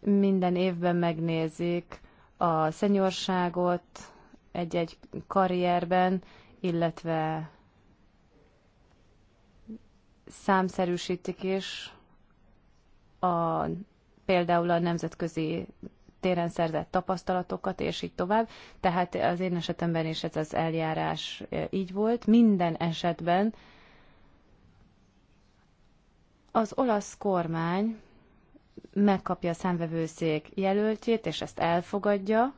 Minden évben megnézik a szenyorságot egy-egy karrierben, illetve számszerűsítik is a, például a nemzetközi téren szerzett tapasztalatokat, és így tovább. Tehát az én esetemben is ez az eljárás e, így volt. Minden esetben az olasz kormány megkapja a számvevőszék jelöltjét, és ezt elfogadja,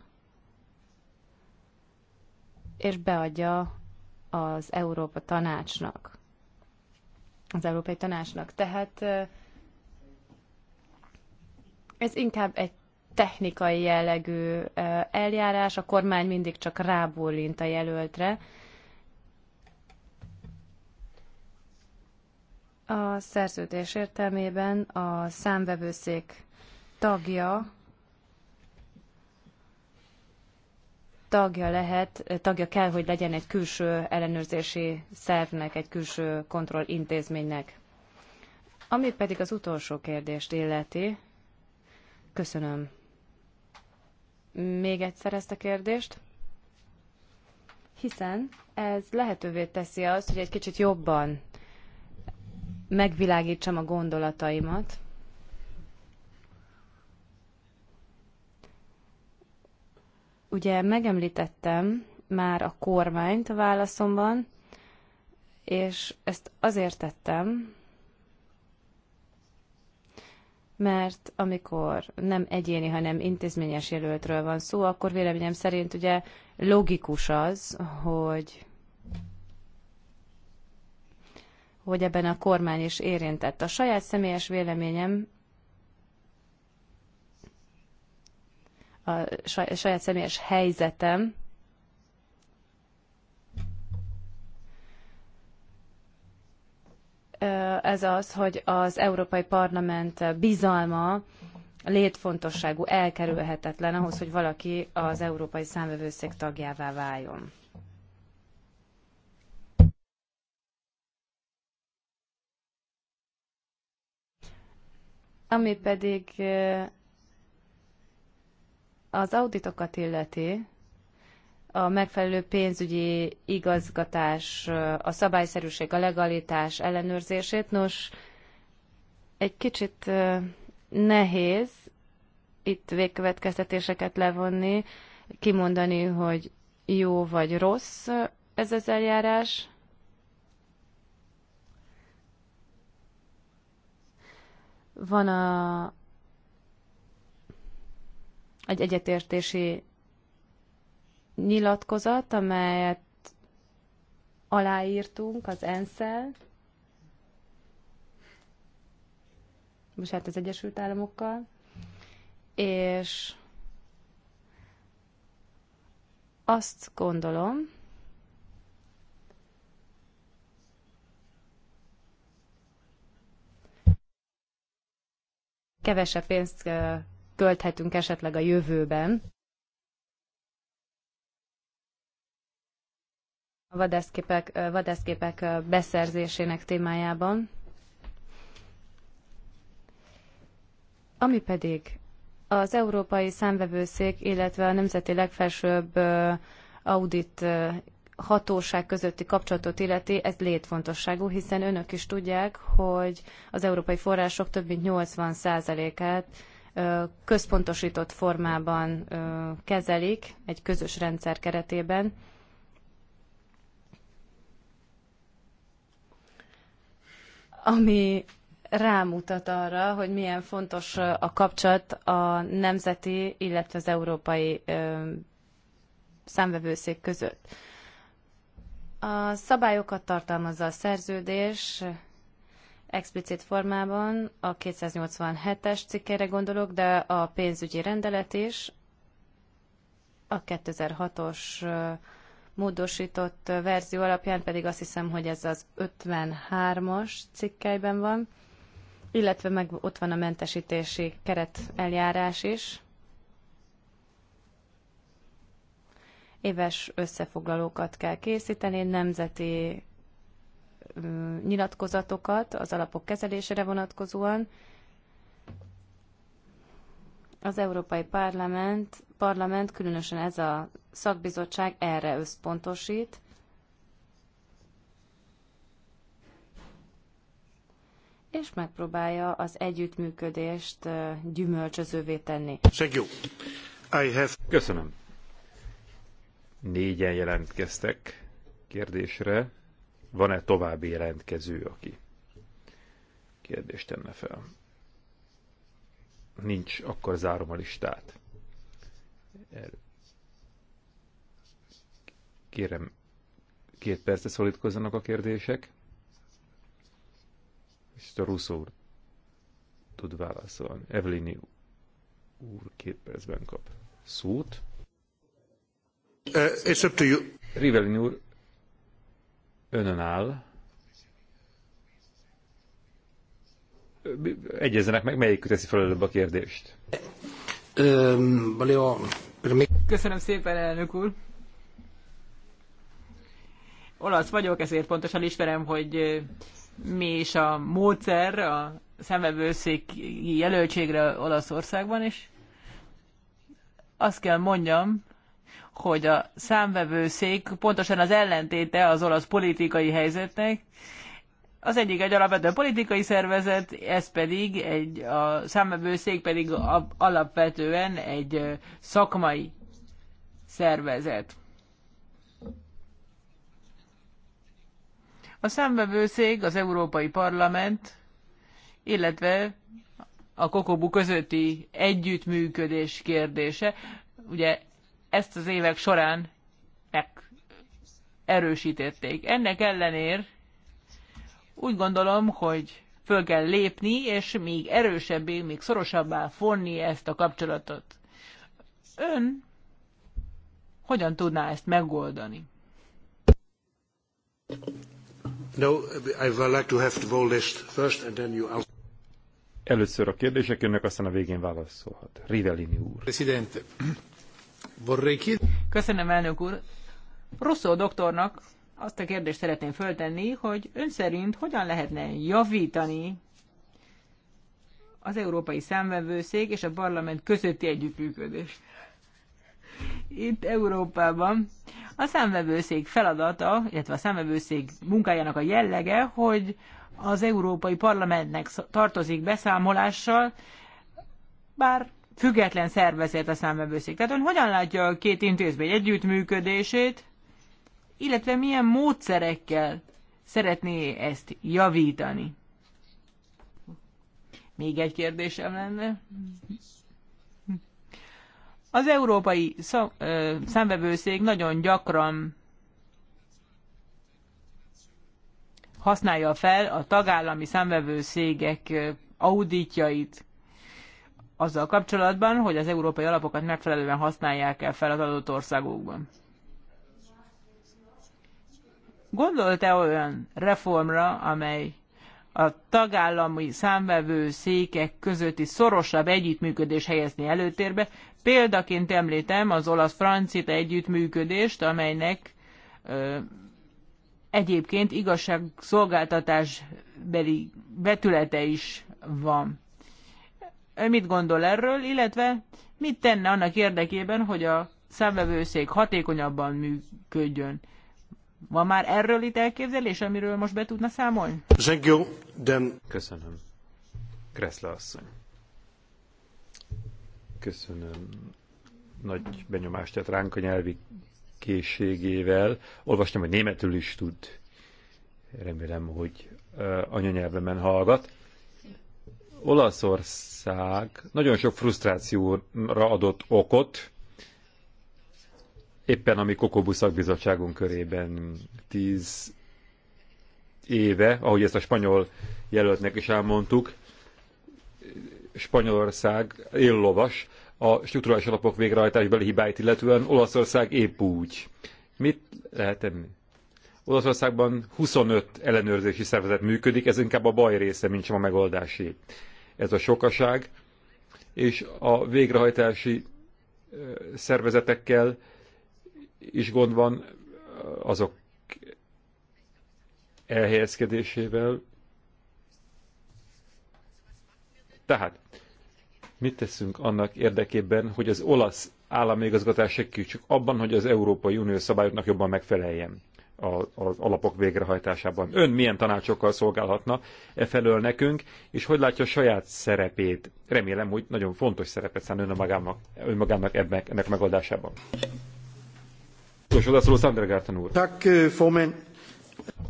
és beadja az Európa Tanácsnak az Európai Tanácsnak. Tehát ez inkább egy technikai jellegű eljárás, a kormány mindig csak rábólint a jelöltre. A szerződés értelmében a számvevőszék tagja tagja lehet, tagja kell, hogy legyen egy külső ellenőrzési szervnek, egy külső kontrollintézménynek. Ami pedig az utolsó kérdést illeti, köszönöm még egyszer ezt a kérdést, hiszen ez lehetővé teszi azt, hogy egy kicsit jobban megvilágítsam a gondolataimat, Ugye megemlítettem már a kormányt a válaszomban, és ezt azért tettem, mert amikor nem egyéni, hanem intézményes jelöltről van szó, akkor véleményem szerint ugye logikus az, hogy hogy ebben a kormány is érintett. A saját személyes véleményem a saját személyes helyzetem, ez az, hogy az Európai Parlament bizalma létfontosságú, elkerülhetetlen ahhoz, hogy valaki az Európai Számvevőszék tagjává váljon. Ami pedig az auditokat illeti, a megfelelő pénzügyi igazgatás, a szabályszerűség, a legalitás ellenőrzését. Nos, egy kicsit nehéz itt végkövetkeztetéseket levonni, kimondani, hogy jó vagy rossz ez az eljárás. Van a egy egyetértési nyilatkozat, amelyet aláírtunk az ENSZ-el, most hát az Egyesült Államokkal, és azt gondolom, kevesebb pénzt tölthetünk esetleg a jövőben. a vadászképek, vadászképek beszerzésének témájában. Ami pedig az Európai Számvevőszék, illetve a Nemzeti Legfelsőbb Audit hatóság közötti kapcsolatot illeti, ez létfontosságú, hiszen önök is tudják, hogy az európai források több mint 80%-át központosított formában kezelik egy közös rendszer keretében. Ami rámutat arra, hogy milyen fontos a kapcsolat a nemzeti, illetve az európai számvevőszék között. A szabályokat tartalmazza a szerződés, explicit formában a 287-es cikkére gondolok, de a pénzügyi rendelet is a 2006-os módosított verzió alapján pedig azt hiszem, hogy ez az 53-as cikkelyben van, illetve meg ott van a mentesítési keret eljárás is. Éves összefoglalókat kell készíteni, nemzeti nyilatkozatokat az alapok kezelésére vonatkozóan. Az Európai Parlament, parlament különösen ez a szakbizottság erre összpontosít. és megpróbálja az együttműködést gyümölcsözővé tenni. I have... Köszönöm. Négyen jelentkeztek kérdésre van-e további jelentkező, aki kérdést tenne fel? Nincs, akkor zárom a listát. Er- Kérem, két percre szorítkozzanak a kérdések. És a Russo úr tud válaszolni. Evelini úr két percben kap szót. Uh, it's up to you. Rivelin úr, önön áll. Egyezzenek meg, melyik teszi fel előbb a kérdést. Köszönöm szépen, elnök úr. Olasz vagyok, ezért pontosan ismerem, hogy mi is a módszer a szemvevőszéki jelöltségre Olaszországban, is. azt kell mondjam, hogy a számvevőszék pontosan az ellentéte az olasz politikai helyzetnek. Az egyik egy alapvető politikai szervezet, ez pedig egy, a számvevőszék pedig alapvetően egy szakmai szervezet. A számvevőszék, az Európai Parlament, illetve a Kokobu közötti együttműködés kérdése. Ugye ezt az évek során meg erősítették. Ennek ellenér úgy gondolom, hogy föl kell lépni, és még erősebbé, még szorosabbá fonni ezt a kapcsolatot. Ön hogyan tudná ezt megoldani? No, I would like to have the whole list first, and then you Először a kérdések jönnek, aztán a végén válaszolhat. Rivellini úr. Presidente, Köszönöm, elnök úr. Rosszó doktornak azt a kérdést szeretném föltenni, hogy ön szerint hogyan lehetne javítani az Európai Számvevőszék és a Parlament közötti együttműködést. Itt Európában a számvevőszék feladata, illetve a számvevőszék munkájának a jellege, hogy az Európai Parlamentnek tartozik beszámolással, bár független szervezet a számvevőszék. Tehát ön hogyan látja a két intézmény együttműködését, illetve milyen módszerekkel szeretné ezt javítani? Még egy kérdésem lenne. Az európai számvevőszék nagyon gyakran használja fel a tagállami számvevőszégek auditjait azzal kapcsolatban, hogy az európai alapokat megfelelően használják el fel az adott országokban. Gondolt-e olyan reformra, amely a tagállami számvevő székek közötti szorosabb együttműködés helyezni előtérbe. Példaként említem az olasz-francita együttműködést, amelynek ö, egyébként beli betülete is van mit gondol erről, illetve mit tenne annak érdekében, hogy a számvevőszék hatékonyabban működjön. Van már erről itt elképzelés, amiről most be tudna számolni? Köszönöm. Kreszle asszony. Köszönöm. Nagy benyomást tett ránk a nyelvi készségével. Olvastam, hogy németül is tud. Remélem, hogy anyanyelvemen hallgat. Olaszország nagyon sok frusztrációra adott okot, éppen a mi Kokobu szakbizottságunk körében tíz éve, ahogy ezt a spanyol jelöltnek is elmondtuk, Spanyolország éllovas a strukturális alapok végrehajtásbeli hibáit illetően, Olaszország épp úgy. Mit lehet tenni? Olaszországban 25 ellenőrzési szervezet működik, ez inkább a baj része, mint sem a megoldásé ez a sokaság, és a végrehajtási szervezetekkel is gond van azok elhelyezkedésével. Tehát, mit teszünk annak érdekében, hogy az olasz állami segítsük abban, hogy az Európai Unió szabályoknak jobban megfeleljen? az alapok végrehajtásában. Ön milyen tanácsokkal szolgálhatna e felől nekünk, és hogy látja a saját szerepét? Remélem, hogy nagyon fontos szerepet szán ön magának, önmagának ebben, ennek megoldásában. Utolsó odaszóló Sandra Gárton úr.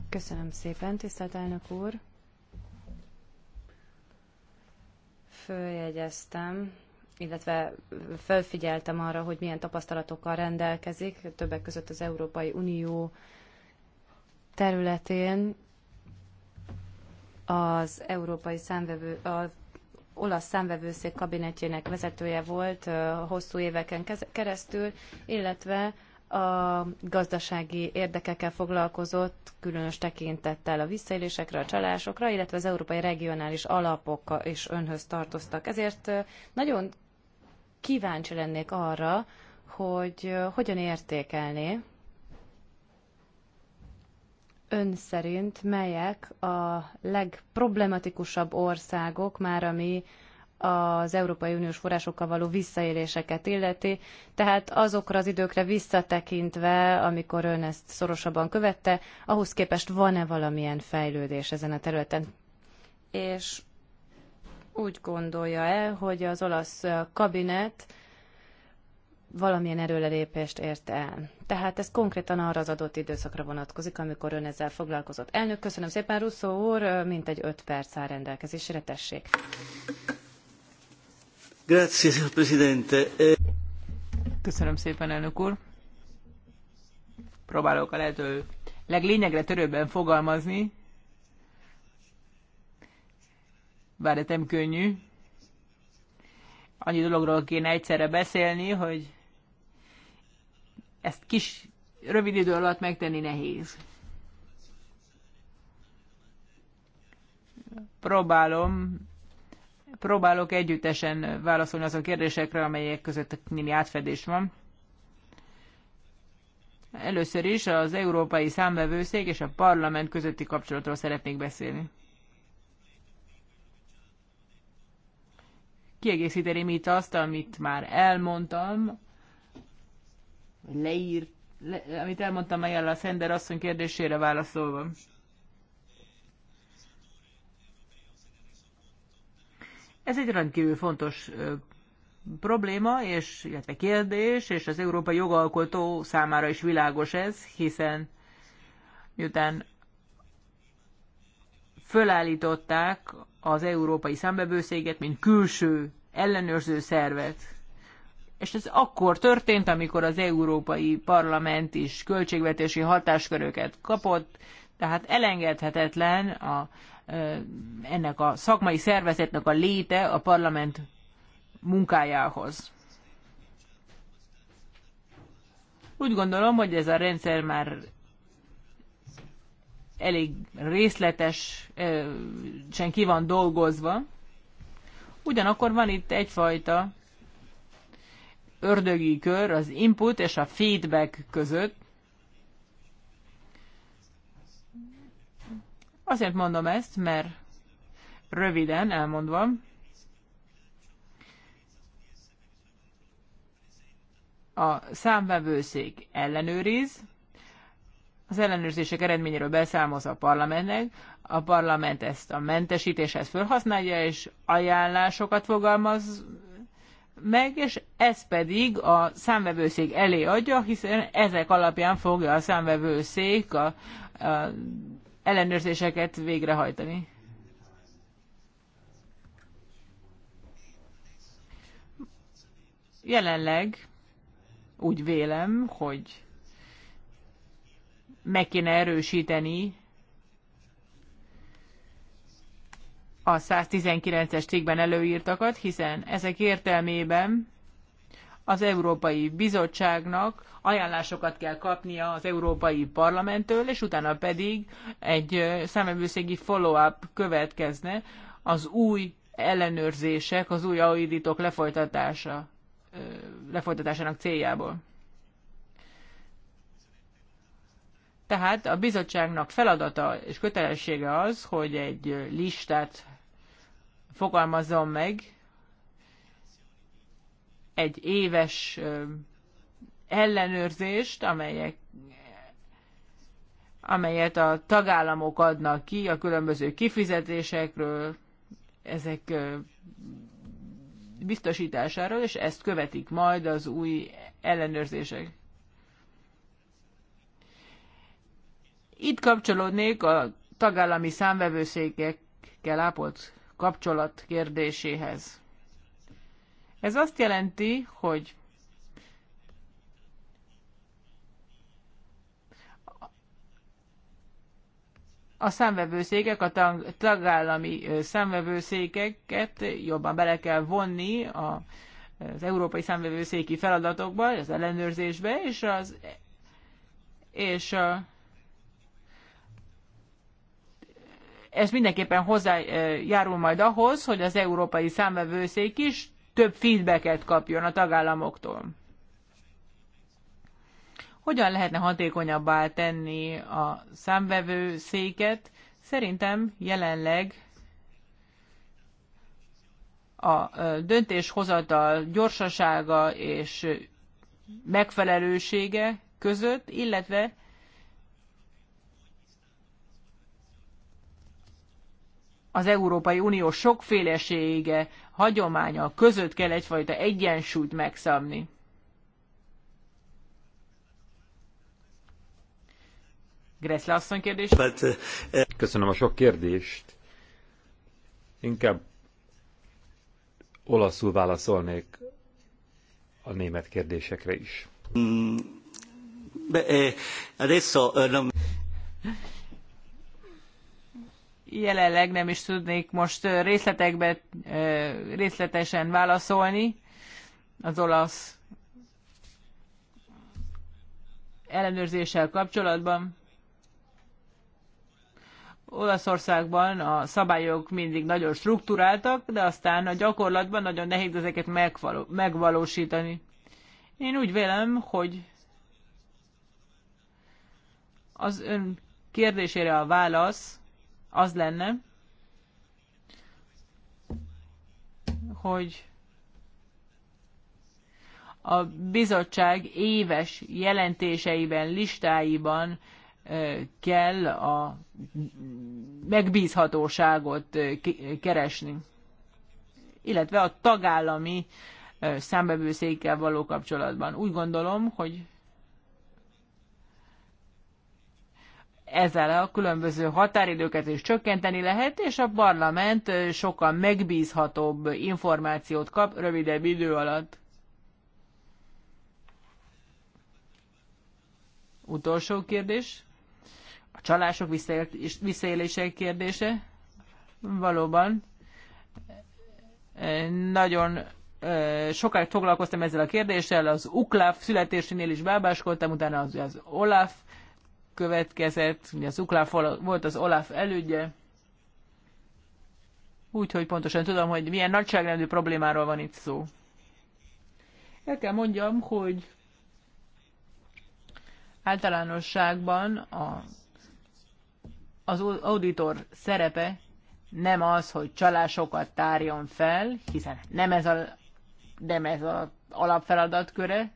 Köszönöm szépen, tisztelt elnök úr. Följegyeztem, illetve felfigyeltem arra, hogy milyen tapasztalatokkal rendelkezik, többek között az Európai Unió területén az európai számvevő, a olasz számvevőszék kabinetjének vezetője volt hosszú éveken keresztül, illetve a gazdasági érdekekkel foglalkozott, különös tekintettel a visszaélésekre, a csalásokra, illetve az európai regionális alapok is önhöz tartoztak. Ezért nagyon kíváncsi lennék arra, hogy hogyan értékelné ön szerint melyek a legproblematikusabb országok már, ami az Európai Uniós forrásokkal való visszaéléseket illeti, tehát azokra az időkre visszatekintve, amikor ön ezt szorosabban követte, ahhoz képest van-e valamilyen fejlődés ezen a területen? És úgy gondolja-e, hogy az olasz kabinet valamilyen erőlelépést ért el. Tehát ez konkrétan arra az adott időszakra vonatkozik, amikor ön ezzel foglalkozott. Elnök, köszönöm szépen, Russzó úr, mintegy öt perc áll rendelkezésére, tessék. Grazie, signor Presidente. E- köszönöm szépen, elnök úr. Próbálok a lehető leglényegre törőbben fogalmazni, bár nem könnyű. Annyi dologról kéne egyszerre beszélni, hogy ezt kis, rövid idő alatt megtenni nehéz. Próbálom, próbálok együttesen válaszolni azon kérdésekre, amelyek között némi átfedés van. Először is az Európai Számvevőszék és a Parlament közötti kapcsolatról szeretnék beszélni. Kiegészíteném itt azt, amit már elmondtam leírt, le, amit elmondtam el a Szender asszony kérdésére válaszolva. Ez egy rendkívül fontos probléma, és, illetve kérdés, és az európai jogalkotó számára is világos ez, hiszen miután fölállították az európai számbevőszéget, mint külső ellenőrző szervet, és ez akkor történt, amikor az Európai Parlament is költségvetési hatásköröket kapott, tehát elengedhetetlen a, ennek a szakmai szervezetnek a léte a parlament munkájához. Úgy gondolom, hogy ez a rendszer már elég részletesen ki van dolgozva. Ugyanakkor van itt egyfajta ördögi kör az input és a feedback között. Azért mondom ezt, mert röviden elmondva, a számvevőszék ellenőriz, az ellenőrzések eredményéről beszámoz a parlamentnek, a parlament ezt a mentesítéshez felhasználja, és ajánlásokat fogalmaz meg, és ez pedig a számvevőszék elé adja, hiszen ezek alapján fogja a számvevőszék a, a ellenőrzéseket végrehajtani. Jelenleg úgy vélem, hogy meg kéne erősíteni a 119-es cikkben előírtakat, hiszen ezek értelmében az Európai Bizottságnak ajánlásokat kell kapnia az Európai Parlamenttől, és utána pedig egy számvevőszégi follow-up következne az új ellenőrzések, az új auditok lefolytatása, lefolytatásának céljából. Tehát a bizottságnak feladata és kötelessége az, hogy egy listát Fogalmazom meg egy éves ellenőrzést, amelyek, amelyet a tagállamok adnak ki a különböző kifizetésekről, ezek biztosításáról, és ezt követik majd az új ellenőrzések. Itt kapcsolódnék a tagállami számvevőszékekkel ápolt kapcsolat kérdéséhez. Ez azt jelenti, hogy a számvevőszékek, a tag, tagállami számvevőszékeket jobban bele kell vonni a, az európai számvevőszéki feladatokba, az ellenőrzésbe, és az és a Ez mindenképpen hozzájárul majd ahhoz, hogy az európai számvevőszék is több feedbacket kapjon a tagállamoktól. Hogyan lehetne hatékonyabbá tenni a számvevőszéket? Szerintem jelenleg a döntéshozatal gyorsasága és megfelelősége között, illetve az Európai Unió sokfélesége, hagyománya között kell egyfajta egyensúlyt megszabni. Gressle asszony kérdés. Uh, uh, Köszönöm a sok kérdést. Inkább olaszul válaszolnék a német kérdésekre is. Mm, be, eh, adesso, eh, non jelenleg nem is tudnék most részletekbe részletesen válaszolni az olasz ellenőrzéssel kapcsolatban. Olaszországban a szabályok mindig nagyon struktúráltak, de aztán a gyakorlatban nagyon nehéz ezeket megvaló, megvalósítani. Én úgy vélem, hogy az ön kérdésére a válasz az lenne, hogy a bizottság éves jelentéseiben, listáiban kell a megbízhatóságot keresni, illetve a tagállami számbevőszékkel való kapcsolatban. Úgy gondolom, hogy ezzel a különböző határidőket is csökkenteni lehet, és a parlament sokkal megbízhatóbb információt kap rövidebb idő alatt. Utolsó kérdés. A csalások visszaélések kérdése. Valóban. Nagyon sokáig foglalkoztam ezzel a kérdéssel, az UKLAF születésénél is bábáskoltam, utána az, az OLAF következett, ugye az Uklaf volt az Olaf elődje, úgyhogy pontosan tudom, hogy milyen nagyságrendű problémáról van itt szó. El kell mondjam, hogy általánosságban a, az auditor szerepe nem az, hogy csalásokat tárjon fel, hiszen nem ez a, nem ez a alapfeladatköre,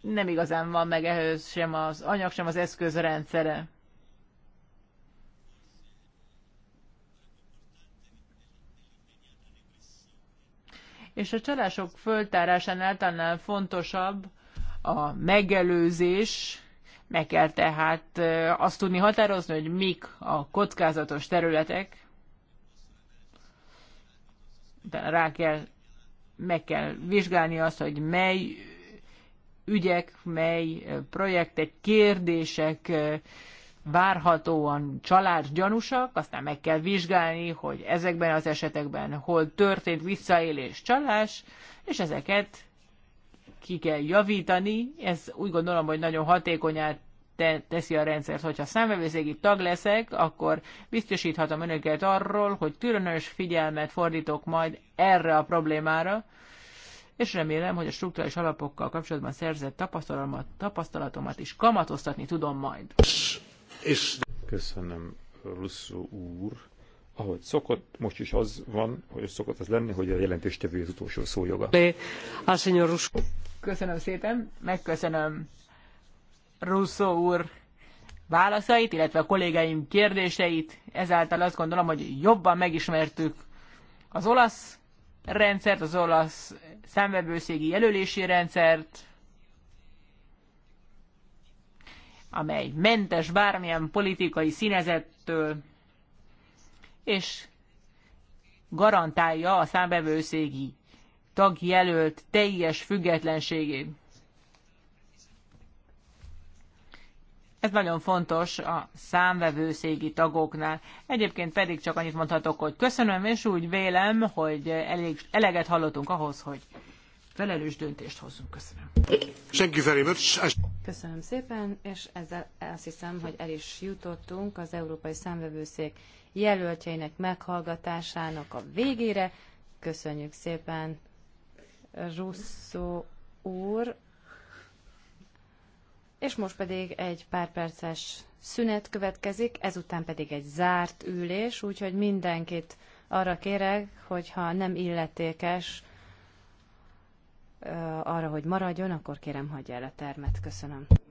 nem igazán van meg ehhez sem az anyag, sem az eszköz rendszere. És a csalások föltárásánál talán fontosabb a megelőzés, meg kell tehát azt tudni határozni, hogy mik a kockázatos területek, de rá kell, meg kell vizsgálni azt, hogy mely ügyek, mely projektek, kérdések várhatóan család gyanúsak, aztán meg kell vizsgálni, hogy ezekben az esetekben hol történt visszaélés, csalás, és ezeket ki kell javítani. Ez úgy gondolom, hogy nagyon hatékonyát te, teszi a rendszert. Hogyha számvevőszégi tag leszek, akkor biztosíthatom önöket arról, hogy különös figyelmet fordítok majd erre a problémára, és remélem, hogy a struktúrális alapokkal kapcsolatban szerzett tapasztalatomat, tapasztalatomat is kamatoztatni tudom majd. És... Köszönöm, Russzó úr. Ahogy szokott, most is az van, hogy szokott az lenni, hogy a jelentéstevő az utolsó szójoga. Köszönöm szépen, megköszönöm Russzó úr válaszait, illetve a kollégáim kérdéseit. Ezáltal azt gondolom, hogy jobban megismertük az olasz rendszert, az olasz számvevőszégi jelölési rendszert, amely mentes bármilyen politikai színezettől, és garantálja a számbevőszégi tagjelölt teljes függetlenségét. Ez nagyon fontos a számvevőszégi tagoknál. Egyébként pedig csak annyit mondhatok, hogy köszönöm, és úgy vélem, hogy elég, eleget hallottunk ahhoz, hogy felelős döntést hozzunk. Köszönöm. Thank you very much. Köszönöm szépen, és ezzel azt hiszem, hogy el is jutottunk az Európai Számvevőszék jelöltjeinek meghallgatásának a végére. Köszönjük szépen Russo úr és most pedig egy pár perces szünet következik, ezután pedig egy zárt ülés, úgyhogy mindenkit arra kérek, hogyha nem illetékes arra, hogy maradjon, akkor kérem hagyja el a termet. Köszönöm.